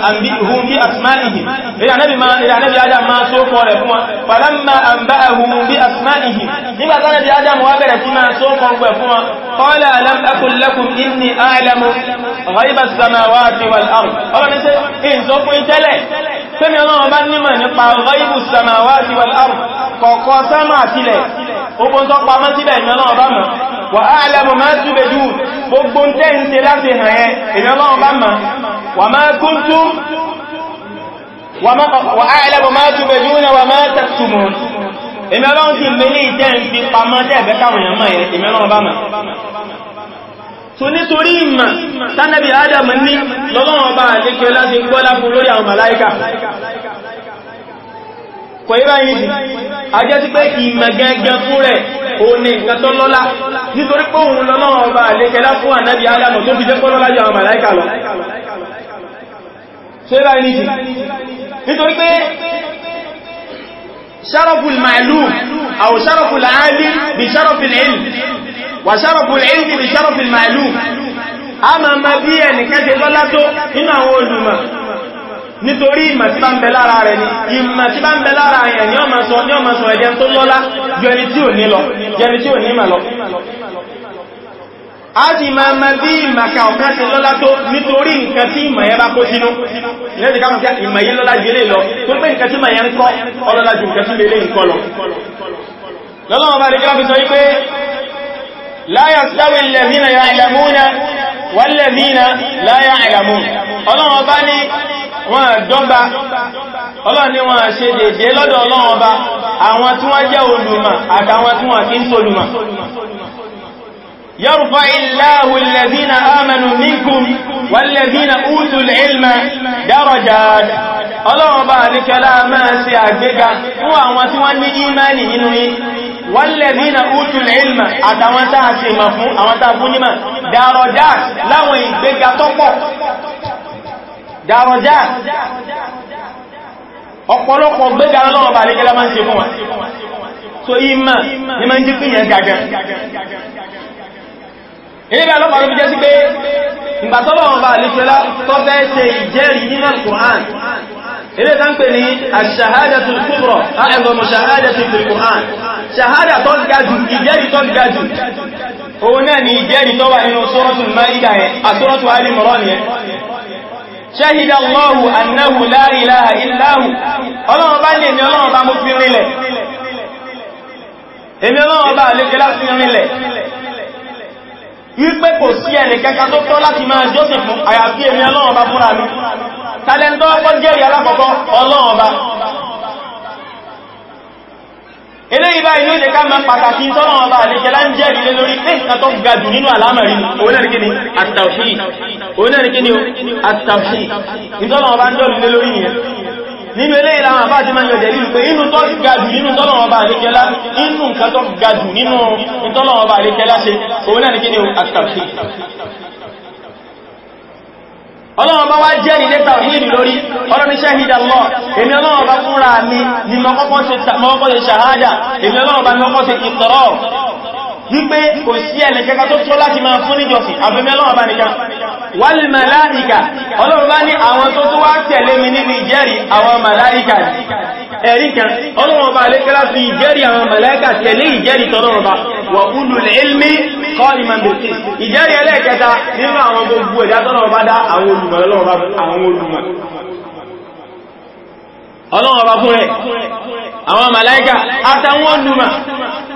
àmbí ihun bí asmáìhì ìrànẹ́bí adam máa só kọ rẹ̀ fún wa pàdámà àmbá ahun bí asmáìhì nígbàtánẹ́bí adam wá bẹ̀rẹ̀ sí máa só kọ rẹ̀ fún wa kọ́lá alámtakùnlẹ́kùn inni alamu ghaiba samawati wal ard ọlọ́ni sẹ́ in sọ fún tẹ́lẹ̀ sẹ́mi ọlọ́wọ́ bá nímọ̀ nípa ghaibu samawati wal ard kọ̀kọ́ sámà sílẹ̀ gbogbo tẹ́ ń ṣe láti hàn ẹ èmi ọlọ́run bá ma wà máa kún tún wà áìlẹ́bọ̀ máa tún bẹ̀jú ní wà máa tẹ̀tùmù èmi ọlọ́run ti mẹ́lẹ̀ ìtẹ́ ń fi pamọ́ tẹ́ẹ̀bẹ́ káwọn èèyàn mọ̀ èmi ọlọ́run bá ma so nítorí ìmọ̀ tánàbí adam ní lọ́lọ́run ọba àdékẹ́ láti gbọ́lá fún lórí àwọn màláíkà kò yí báyìí nìsí ajẹ́ sí pé ìmọ̀ gangan fún rẹ̀ o ní nǹkan tó lọ́lá nítorí pé òun lọ́nà ọba àlékẹ́lá fún ànábì Ádámù tó fi jẹ́ kọ́ lọ́lá jù àwọn màláìkà lọ ṣe báyìí nìsí nítorí pé sharaful ma'lum aw sharaful 'alim bi sharafil nítorí ìmọ̀ tí bá ń bẹ lára rẹ̀ ni ìmọ̀ tí bá ń bẹ lára rẹ̀ ni ọmọ sọ ní ọmọ sọ ẹ̀jẹ̀ tó lọ́lá ju ẹni tí ò ní lọ jẹni tí ò ní mà lọ a sì máa ma bí ìmọ̀ka ọ̀kan ti lọ́lá tó nítorí nǹkan tí ìmọ̀ yẹn bá kó sínú ìrẹ́sì ká mọ̀ wal-ladhina la ya'lamun ọlọ́wọ́n bá ní wọ́n dọ́gba ọlọ́wọ́n ní wọ́n ṣe dédé lọ́dọ̀ ọlọ́wọ́n bá àwọn tí wọ́n jẹ́ olùmọ̀ àtàwọn tí wọ́n kí ń solùmọ̀ يرفع الله الذين آمنوا منكم والذين أوتوا العلم درجات الله بارك لا ما سيعجبك إيماني إنه wọ́lẹ̀mínà útùlẹ̀ ilmà àtàwọn táà sí ìmọ̀ fún àwọn táà fún nímọ̀ dárọjá láwọn ìgbéga tọ́pọ̀ dárọjá ọ̀pọ̀lọpọ̀ gbéga lọ́wọ́ bà ní kẹ́lá máa ń ṣe fún wa so ìmọ̀ ní máa ń jí pìyàn gàgàn ilé alọ́pàá ló fi jẹ́ sí pé ìgbàtọ́lọ́wọ́n bá àlífẹ́lá tó fẹ́ ṣe ìjẹ́rìí nínú al-Qur'an ilé tán pè ní ash-shahadatul kubra ẹgbọ̀mọ̀ shahadatu fil Qur'an shahada tó gajù ìjẹ́rìí tó gajù òun náà ni ìjẹ́rìí tó wà nínú suratul Maida yẹn wípé kò sí ẹnìkẹta tó tọ́ láti máa jọ́sìn fún àyàfi èmi ọlọ́run ọba fúnra mi tàlẹ́ntọ́ ọkọ́ jẹ́rì alákọ̀ọ́kọ́ ọlọ́run ọba eléyìí báyìí ló jẹ́ ká máa pàtàkì tọ́lọ́run ọba àlejẹ́ lá ń jẹ́rì lé lórí pé nǹkan tó ga jù nínú àlámọ̀rí onẹ́rìnkíni at-tawhid onẹ́rìnkíni at-tawhid nínú ilé ìlànà bá ti máa yọ jẹ́ lílù pé inú tó gajù nínú tọ́lọ̀ọba àríkẹ́lá inú nǹkan tó gajù nínú tọ́lọ̀ọba àríkẹ́lá ṣe òun náà ní kí ni àtàkì ọlọ́run bá wá jẹ́ ilé tàwíìdì lórí ọlọ́run iṣẹ́ ìdá lọ èmi ọlọ́run bá fúnra mi ni mọ́kọ́kọ́ ṣe ṣàhádà èmi ọlọ́run mọ́kọ́ ṣe ìtọ́rọ̀ wípé kò sí ẹnìkẹ́kà tó tó láti máa fún níjọsìn àfẹ́mẹ́ ọlọ́run bá nìkan wal màláìkà ọlọ́run bá ní àwọn tó tó wá tẹ̀lé mi nínú ìjẹ́rì àwọn màláìkà ẹ̀rí kan ọlọ́run bá lẹ́kẹ́lá fi ìjẹ́rì àwọn màláìkà tẹ̀lé ìjẹ́rì tọ́lọ́run bá wà ulul ilmi qaliman bil qist ìjẹ́rì ẹlẹ́ẹ̀kẹta nínú àwọn gbogbo ẹ̀dá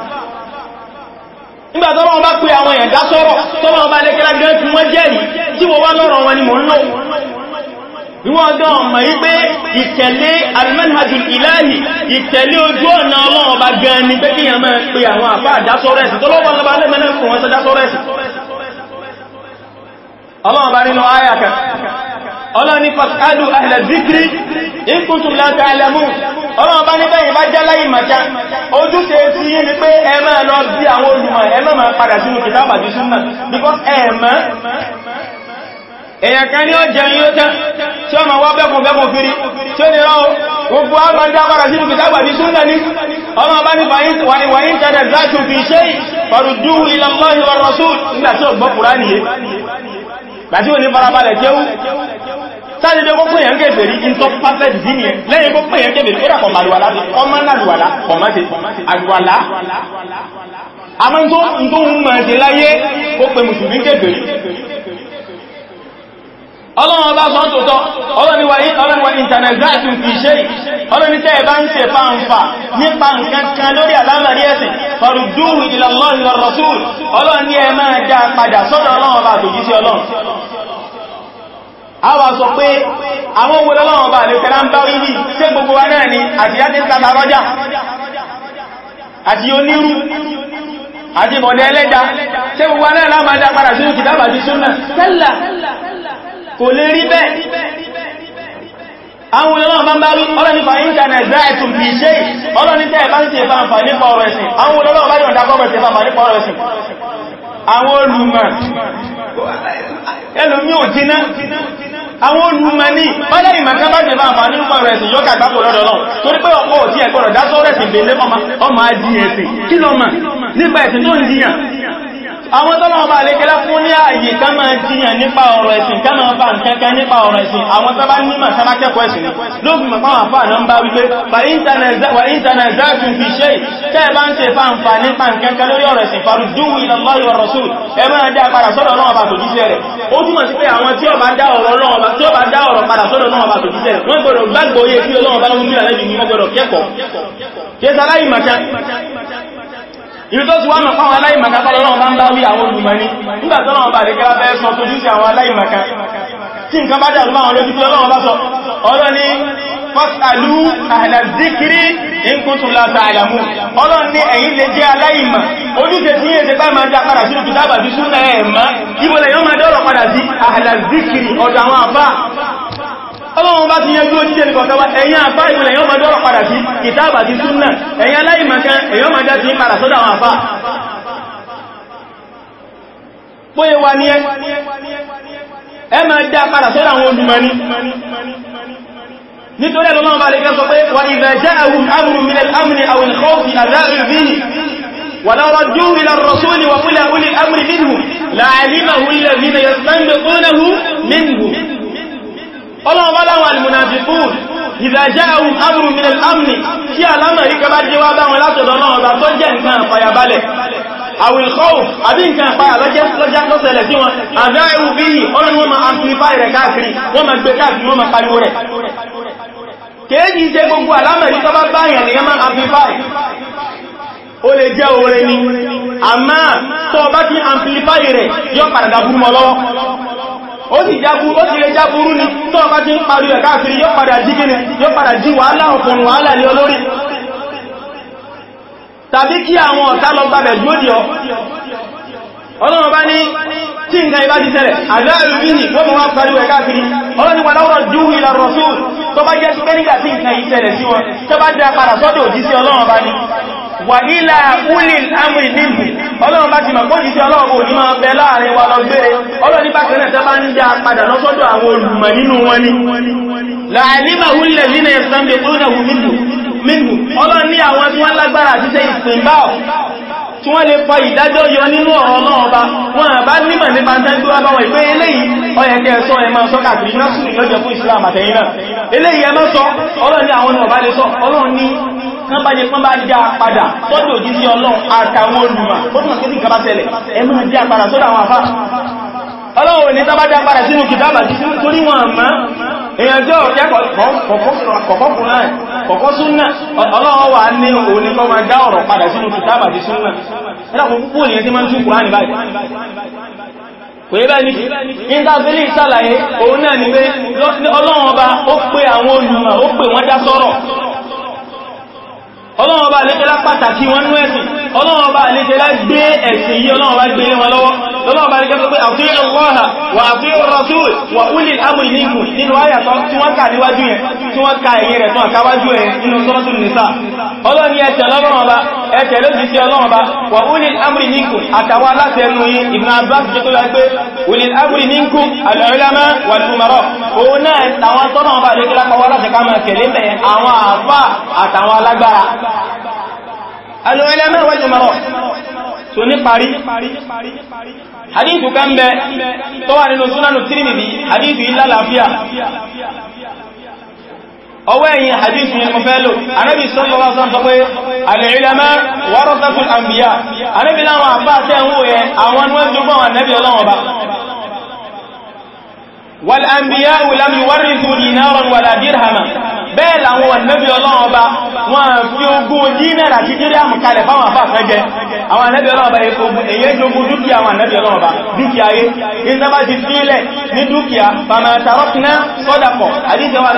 nígbà tọ́lọ́wọ́ bá pé àwọn èèyàn dá sọ́rọ̀ tọ́lọ́wọ́ bá lẹ́kẹ́lá gẹ́gẹ́ fún wọ́n jẹ́rì tí wọ́n wá lọ́rọ̀ wọn ni mò ń lò wọ́n gan ọmọ wípé ìtẹ̀lé almanhajul ilahi ìtẹ̀lé ojú ọ̀nà ọlọ́wọ́ bá gan ni pé kíyàn máa pe àwọn àfá àdásọ́rẹ̀sì tọ́lọ́wọ́ bá ọlọ́ni fas'alu ahla zikri in kuntum la ta'lamun ọlọ́run bá níbẹ̀ ìbá jẹ́ láì màjá ojúṣe sí yí ni pé ẹ máa lọ bí àwọn olùmọ̀ ẹ because ẹ̀mọ́ èyàn kan ní ọjà yíó tán tí ó ma wá bẹ́kùn bẹ́kùn firi tí ó ní rán gbogbo agbájá padà sínú kìtàbà àti súnmà ní ọmọ bá ní wàyín tẹ́lẹ̀ láti fi ṣe faruddu ila Allahi wa rasul nígbà tí gbàtí ò ní farabalẹ̀ kéwú sáré lé gbogbo èèyàn kèfèrí nke pàfẹ́dì sí ni lẹ́yìn gbogbo èèyàn kèfèrí ó dàpọ̀ màlúwàlá ọmọ náà lùwàlá ọmọ ti àlùwàlá àmọ́ tó ń ń mọ̀ sí láyé ó mùsùlùmí ọlọ́run ọba sọ tòótọ́ ọlọ́run fi ṣe ọlọ́run tẹ́ ń ṣe nípa nǹkan kan lórí àlámàrí ẹ̀sìn ọlọ́run ní ẹ máa a wà sọ pé àwọn owó lọ́wọ́ bá lè tẹ́lá ń bá rí bí ṣe gbogbo wa náà ni àti yá ti ń tàbà rọ́jà àti onírú àti mọ̀dẹ̀ ẹlẹ́jà ṣe gbogbo wa náà lámàájá padà sínú kìtàbà ti súnà tẹ́lá kò lè rí bẹ́ẹ̀ àwọn olóòrùn bá ń bá rí ọlọ́ni fa internet záẹ̀tù bí ṣe ọlọ́ni tẹ́ ẹ̀bá ń tẹ́ bá ń fà nípa ọ̀rọ̀ ẹ̀sìn àwọn olóòrùn bá yọ̀ǹda gọ́ọ̀rọ̀ ń fà ọ̀rọ̀ ẹ̀sìn àwọn olùmọ̀ ẹlòmí ò jiná àwọn olùmọ̀ní ọlẹ́ ìmọ̀ká bá jẹ bá àmà nínú ọ̀rọ̀ ẹ̀sìn yóò kàgbàpò lọ́dọ̀ torí pé ọ̀pọ̀ òtí ẹ̀kọ́rọ̀ dásọ́rẹ̀sìn bèèrè ya. àwọn tọ́lọ̀ ọba àlékẹ́lá fún ní ààyè ká máa jiyàn nípa ọ̀rọ̀ ẹ̀sìn ká máa bá nkẹ́kẹ́ nípa ọ̀rọ̀ ẹ̀sìn àwọn tọ́bá nímọ̀ sábá kẹ́kọ̀ọ́ ẹ̀sìn lóògùn mọ̀páwọn àfáà náà ń bá wípé wà íntànẹ̀záàtùn fi ṣe tẹ́ bá ń ṣe fàǹfà nípa nkẹ́kẹ́ lórí ọ̀rọ̀ ẹ̀sìn farudúwù ilallahi wa rasul ẹ máa dá padà sọ́dọ̀ náà bá tòjíṣẹ́ rẹ̀ ó túnmọ̀ sí pé àwọn tí ó bá dá ọ̀rọ̀ náà bá tí ó bá dá ọ̀rọ̀ padà sọ́dọ̀ náà bá tòjíṣẹ́ rẹ̀ wọ́n gbọ́dọ̀ gbàgbọ́ yé tí Ọlọ́run bá ń mú ní àlẹ́jù ní wọ́n gbọ́dọ̀ kẹ́kọ̀ọ́ ibi tó ti wá mọ̀ fáwọn aláìmọ̀ká tọ́lọ́rọ̀ bá ń bá wí àwọn olùmọ̀ní nígbà tọ́lọ́rọ̀ bá lè kẹ́lá fẹ́ sọ tó júsí àwọn aláìmọ̀ká tí nǹkan bá dà lọ́wọ́ lójú tí ọlọ́run bá sọ ọ̀rọ̀ ni fasalu ahla zikri in kuntum la ta'lamun ọlọ́run ní ẹ̀yin lè jẹ́ aláìmọ̀ ojúṣe tí yẹn ti bá máa jẹ́ padà sínú kìtàbà jù súnà ẹ̀ẹ̀má ìbọ̀lẹ̀ yóò máa dọ́rọ̀ padà sí ahla ọlọ́run bá ti yẹjú ojíjẹ́ ní kọ̀kọ́wà ẹ̀yìn àfá ìpínlẹ̀ yọ́ mọ́jọ́rọ̀ padà sí kìtàbà ti súnnà ẹ̀yìn aláìmọ̀kan èyàn máa dá ti ń padà sọ́dọ̀ àwọn àfá bóyẹ wa ní ẹ ma dá padà sọ́dọ̀ àwọn olùmọ̀ní nítorí ẹlọ́lọ́run bá lè kẹ́ sọ pé wà ìbẹ̀ jẹ́ ẹ̀hùn amrun min al-amn aw ولو ردوه إلى الرسول وقل أولي الأمر منهم لعلمه الذين يستنبطونه منهم ọlọ́run bá láwọn alìmùnàfikún ìdájá ohun amúrù min al-amni kí alámà rí kọba jẹ́ wá báwọn látọ̀dọ̀ náà ọba tó jẹ́ nǹkan àfàyàbalẹ̀ àwìlkọ́wù àbí nǹkan àpáyà lọ́jẹ́ lọ́sẹ̀lẹ̀ sí wọn àdá ewu bí i ọlọ́run wọn ma amplify rẹ̀ káàkiri wọ́n ma gbé káàkiri wọ́n ma pariwo rẹ̀ kéèjì jẹ́ gbogbo alámà rí kọba báyàn nìyàn ma ni àmá tọ́ ó sì jábúrú ó sì lè jábúrú ni tó ọba ti ń parí ẹ̀ káàkiri yóò padà jí kíni yóò padà jí wàhálà ọ̀fún wàhálà lé olórí tàbí kí àwọn ọ̀tá lọ gbàbẹ̀ dúó ọlọ́run bá ní tí nǹkan ìbá ti ṣẹlẹ̀ àdáàrù ìní wọ́n mọ̀ wá pẹ̀lú ẹ̀ká kiri ọlọ́ni wà láwọ́rọ̀ dúró ìlà rọ̀súùl tó bá jẹ́ pẹ́rígà tí nǹkan ìṣẹ̀lẹ̀ sí wọn tó bá jẹ́ padà sọ́dọ̀ òjíṣẹ́ ọlọ́run bá ní wà ilà ulil amri nìbù ọlọ́run bá ti mọ̀ pọ́ jíṣẹ́ ọlọ́run kò ní máa bẹ láàrin wa lọ gbére ọlọ́ni bá kẹrẹ tẹ́ bá ń já padà lọ́sọ́dọ̀ àwọn olùmọ̀ nínú wọn ni làálímà ulẹ̀ nínú ẹ̀sán tí wọ́n lè fọ ìdájọ́ yọ nínú ọ̀rọ̀ náà ọba wọn àbá nímọ̀ nípa tẹ́jú abáwọn ìpé eléyìí ọyẹ̀kẹ́ ẹ̀sọ́ ẹ máa sọ Islam àtẹ̀yìn náà eléyìí ẹ máa sọ ọlọ́run ní àwọn ọba lè sọ ọlọ́run ní kán bá jẹ pán bá já padà sọ́dọ̀ òjísí ọlọ́wọ̀ ní tábádá padà sínú kìtàbà torí wọn àmá èyànjọ́ kọ̀kọ́ súnnà ọlọ́wọ̀ wà ní òní kọ́ ma dá ọ̀rọ̀ padà sínú kìtàbà ti súnnà ẹlọ́pọ̀ púpọ̀ èyàn tí ma ń tún kùránì báyìí kò yẹ báyìí ìntàbílì ìsàlàyé òun náà ni pé ọlọ́wọ̀n ọba ó pè àwọn olùmọ̀ ó pè wọ́n dá sọ́rọ̀ ọlọ́run ọba àlékelá pàtàkì wọn nú ẹ̀sìn ọlọ́run ọba àlékelá gbé ẹ̀sìn yìí ọlọ́run ọba gbé lé wọn lọ́wọ́ lọ́lọ́run ọba àlékelá pé àfihàn ọlọ́ha wà àfihàn rasul wà ulil amri minkum nínú ayàtọ̀ tí wọ́n kà níwájú yẹn tí wọ́n ka ẹ̀yìn rẹ̀ tán àkáwájú yẹn nínú suratul nisa ọlọ́run yẹn tẹ̀ lọ́rùn ọba ẹ̀tẹ̀ lójú sí ọlọ́run ọba wà ulil amri minkum àtàwọn aláṣẹ al-ulama wal-umara so ní parí hadithu kan bẹ tó wà nínú súnanù Tirmidhi hadithu ilá làáfíà ọwọ́ ẹ̀yìn hadithu ni mo fẹ́ lò anábi sọ́lọ́wọ́ sọ́n sọ pé al-ulama warathatul anbiya anábi láwọn àbá tẹ́ ń wòye àwọn wọ́n jùgbọ́n bẹ́ẹ̀ làwọn ànábì ọlọ́run ọba wọn fi ogún dínàrà àti díríàmù kalẹ̀ fáwọn àfáàfẹ́ jẹ àwọn ànábì ọlọ́run ọba èyẹ jogun dúkìá àwọn ànábì ọlọ́run ọba dúkìá yé ní sábà ti fílẹ̀ ní dúkìá fàmà tàrọ́kìná sọ́dàpọ̀ àdíjẹwà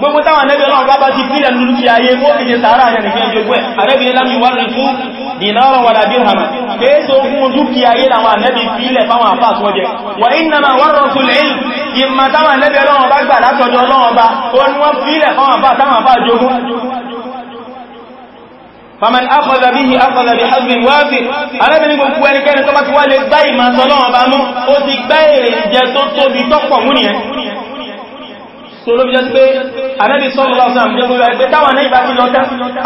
gbogbo táwọn anẹ́bí ọlọ́run bá bá ti fi ìyàn lórí ayé ó fi ṣe sàárà rẹ̀ nìkan jogbo ẹ̀ arẹ́bìnrin lámì wà ní fún dìnára wà lábí hàmà kéèso fún dúkìá ayé làwọn anẹ́bí fi ilẹ̀ fáwọn àpá àtúnjẹ wà ìnàmà wà rọ̀tún lẹ́yìn ìmà táwọn anẹ́bí ọlọ́run bá gbà látọ̀jọ́ ọlọ́run bá ó ní wọ́n fi ilẹ̀ fáwọn àpá àtàwọn àpá jogún فمن أخذ به أخذ بحظ وافر أنا بني بوكو أنا كان كما تقول لك باي ما صلوه بامو أو تك باي جاتو تو بيتوكو منيه so ló fi jẹ́ pé anẹ́bí sọ́lọ́lá ọ̀sán àmì jẹ́gbẹ́ ẹgbẹ́ táwọn anẹ́bí bá ti lọ tẹ́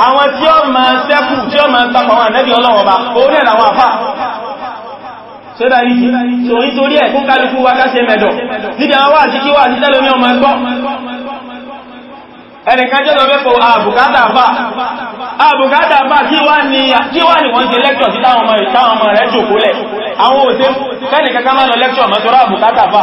àwọn tí ó máa sẹ́kù tí ó máa tapọ̀ àwọn anẹ́bí ọlọ́wọ̀n bá orí ẹ̀ làwọn àfà sẹ́bà yìí so nítorí ẹ̀ fún kálukú wa káṣẹ mẹ́dọ̀ níbi àwọn wáàtí kí wáàtí tẹ́lómi ọmọ ẹgbọ́ ẹnìkan jẹ́ lọ mẹ́fọ́ àbùkátà bá àbùkátà bá kí wá ní wọ́n ṣe lẹ́kṣọ̀ sí táwọn ọmọ rẹ̀ jòkó lẹ̀ àwọn òṣèlú kẹ́nìkan ká má lọ lẹ́kṣọ̀ mọ́tọ́rọ àbùkátà bá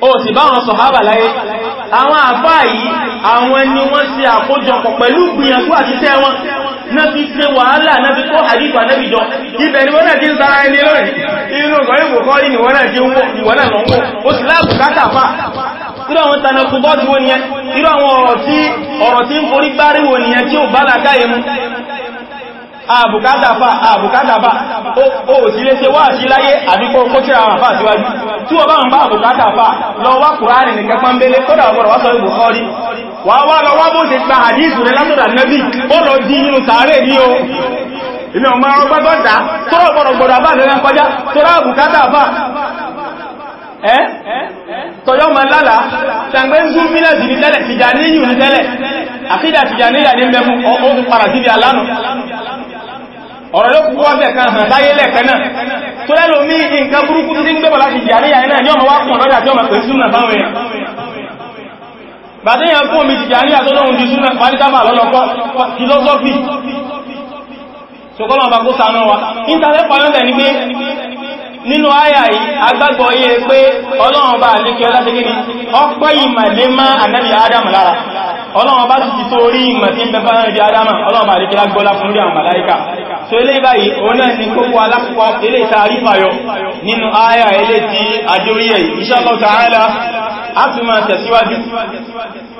ó sì bá wọn sọ̀hábà láyé àwọn àfáà yìí àwọn ẹni wọ́n ṣe àkójọpọ̀ pẹ̀lú gbìyànjú àti tẹ́ wọn náà fi ṣe wàhálà náà fi kó àdífà nẹ́bìjọ ibẹ̀ ni wọ́n náà ti ń sára ẹni lónìí inú ìgbọ̀nyìnbó kọ́ ní wọ́n náà ti ń wọ́ ìwọ̀n náà lọ́wọ́ ó sì láàbù kátàfà irú àwọn tanakubọ́ọ̀dù wọn nìyẹn irú àwọn ọ̀rọ̀ tí ń forí gbáríwò nìyẹn tí ó bá làkáyé mú àbùkátàfà àbùkátàfà ó sì lè ṣe wá sí láyé àdúgbò kó tí àwọn àfà síwájú tí wọ́n bá ń bá àbùkátàfà lọ wá kùránì ní kẹfàn belé kódà ọgbọ̀rọ̀ wá sọ ìbò kọ́rí wà wá lọ wá bó ṣe gba àdíṣù rẹ látọ̀dà nẹ́bí ó lọ di inú sàárè ní o ìmì ọmọ ọgbẹ́gbọ́ta tó ọgbọ̀rọ̀ gbọ̀rọ̀ àbá lẹ́rẹ́ kọjá tó rá àbùkátàfà ẹ́ tọ́yọ́ ma lálàá ṣàgbẹ́ ń sún mílẹ̀ sí ní tẹ́lẹ̀ tìjà níyù ní tẹ́lẹ̀ àkídà tìjà níyà ní mẹ́mú ó ń para síbi alánù ọ̀rọ̀ yóò kúkú wábẹ̀ kan hàn láyé lẹ́ẹ̀kan náà tó lẹ́lò mí nǹkan burúkú tí ń gbẹ́bọ̀ láti jàríyà náà ní ọmọ wá pọ̀ lọ́dà tí ọmọ pẹ̀lú súnà fáwọn èèyàn bàtíyàn fún omi jìjàríyà tó lọ́hun ju súnà pàdítàbà lọ́lọ́kọ́ philosophy nínú àyà yìí agbágbọ́ yé pé ọlọ́run bá ní kí ọlá ṣe gírí ọpọ́ ìmàlé má ànábì ádámù lára ọlọ́run bá ti tó rí ìmọ̀ tí ń bẹ fáwọn ìdí ádámù ọlọ́run bá ní kí lágbọ́lá fún rí àwọn màláíkà so ilé báyìí òun náà ni kókó alákọ̀ọ́ ilé ìtaari fàyọ nínú àyà ilé ti àdórí ẹ̀ inshallah ta'ala a fi máa tẹ̀síwájú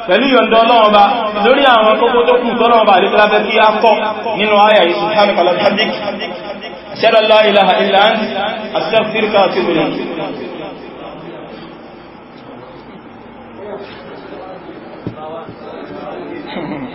pẹ̀lú yọ̀ndọ́ ọlọ́run bá lórí àwọn kókó tó kù tọ́lọ́run bá àdékọ́lá fẹ́ kí á kọ́ nínú àyà ìsùn شر لا إله إلا أنت أستغفرك وأتوب إليك Hmm.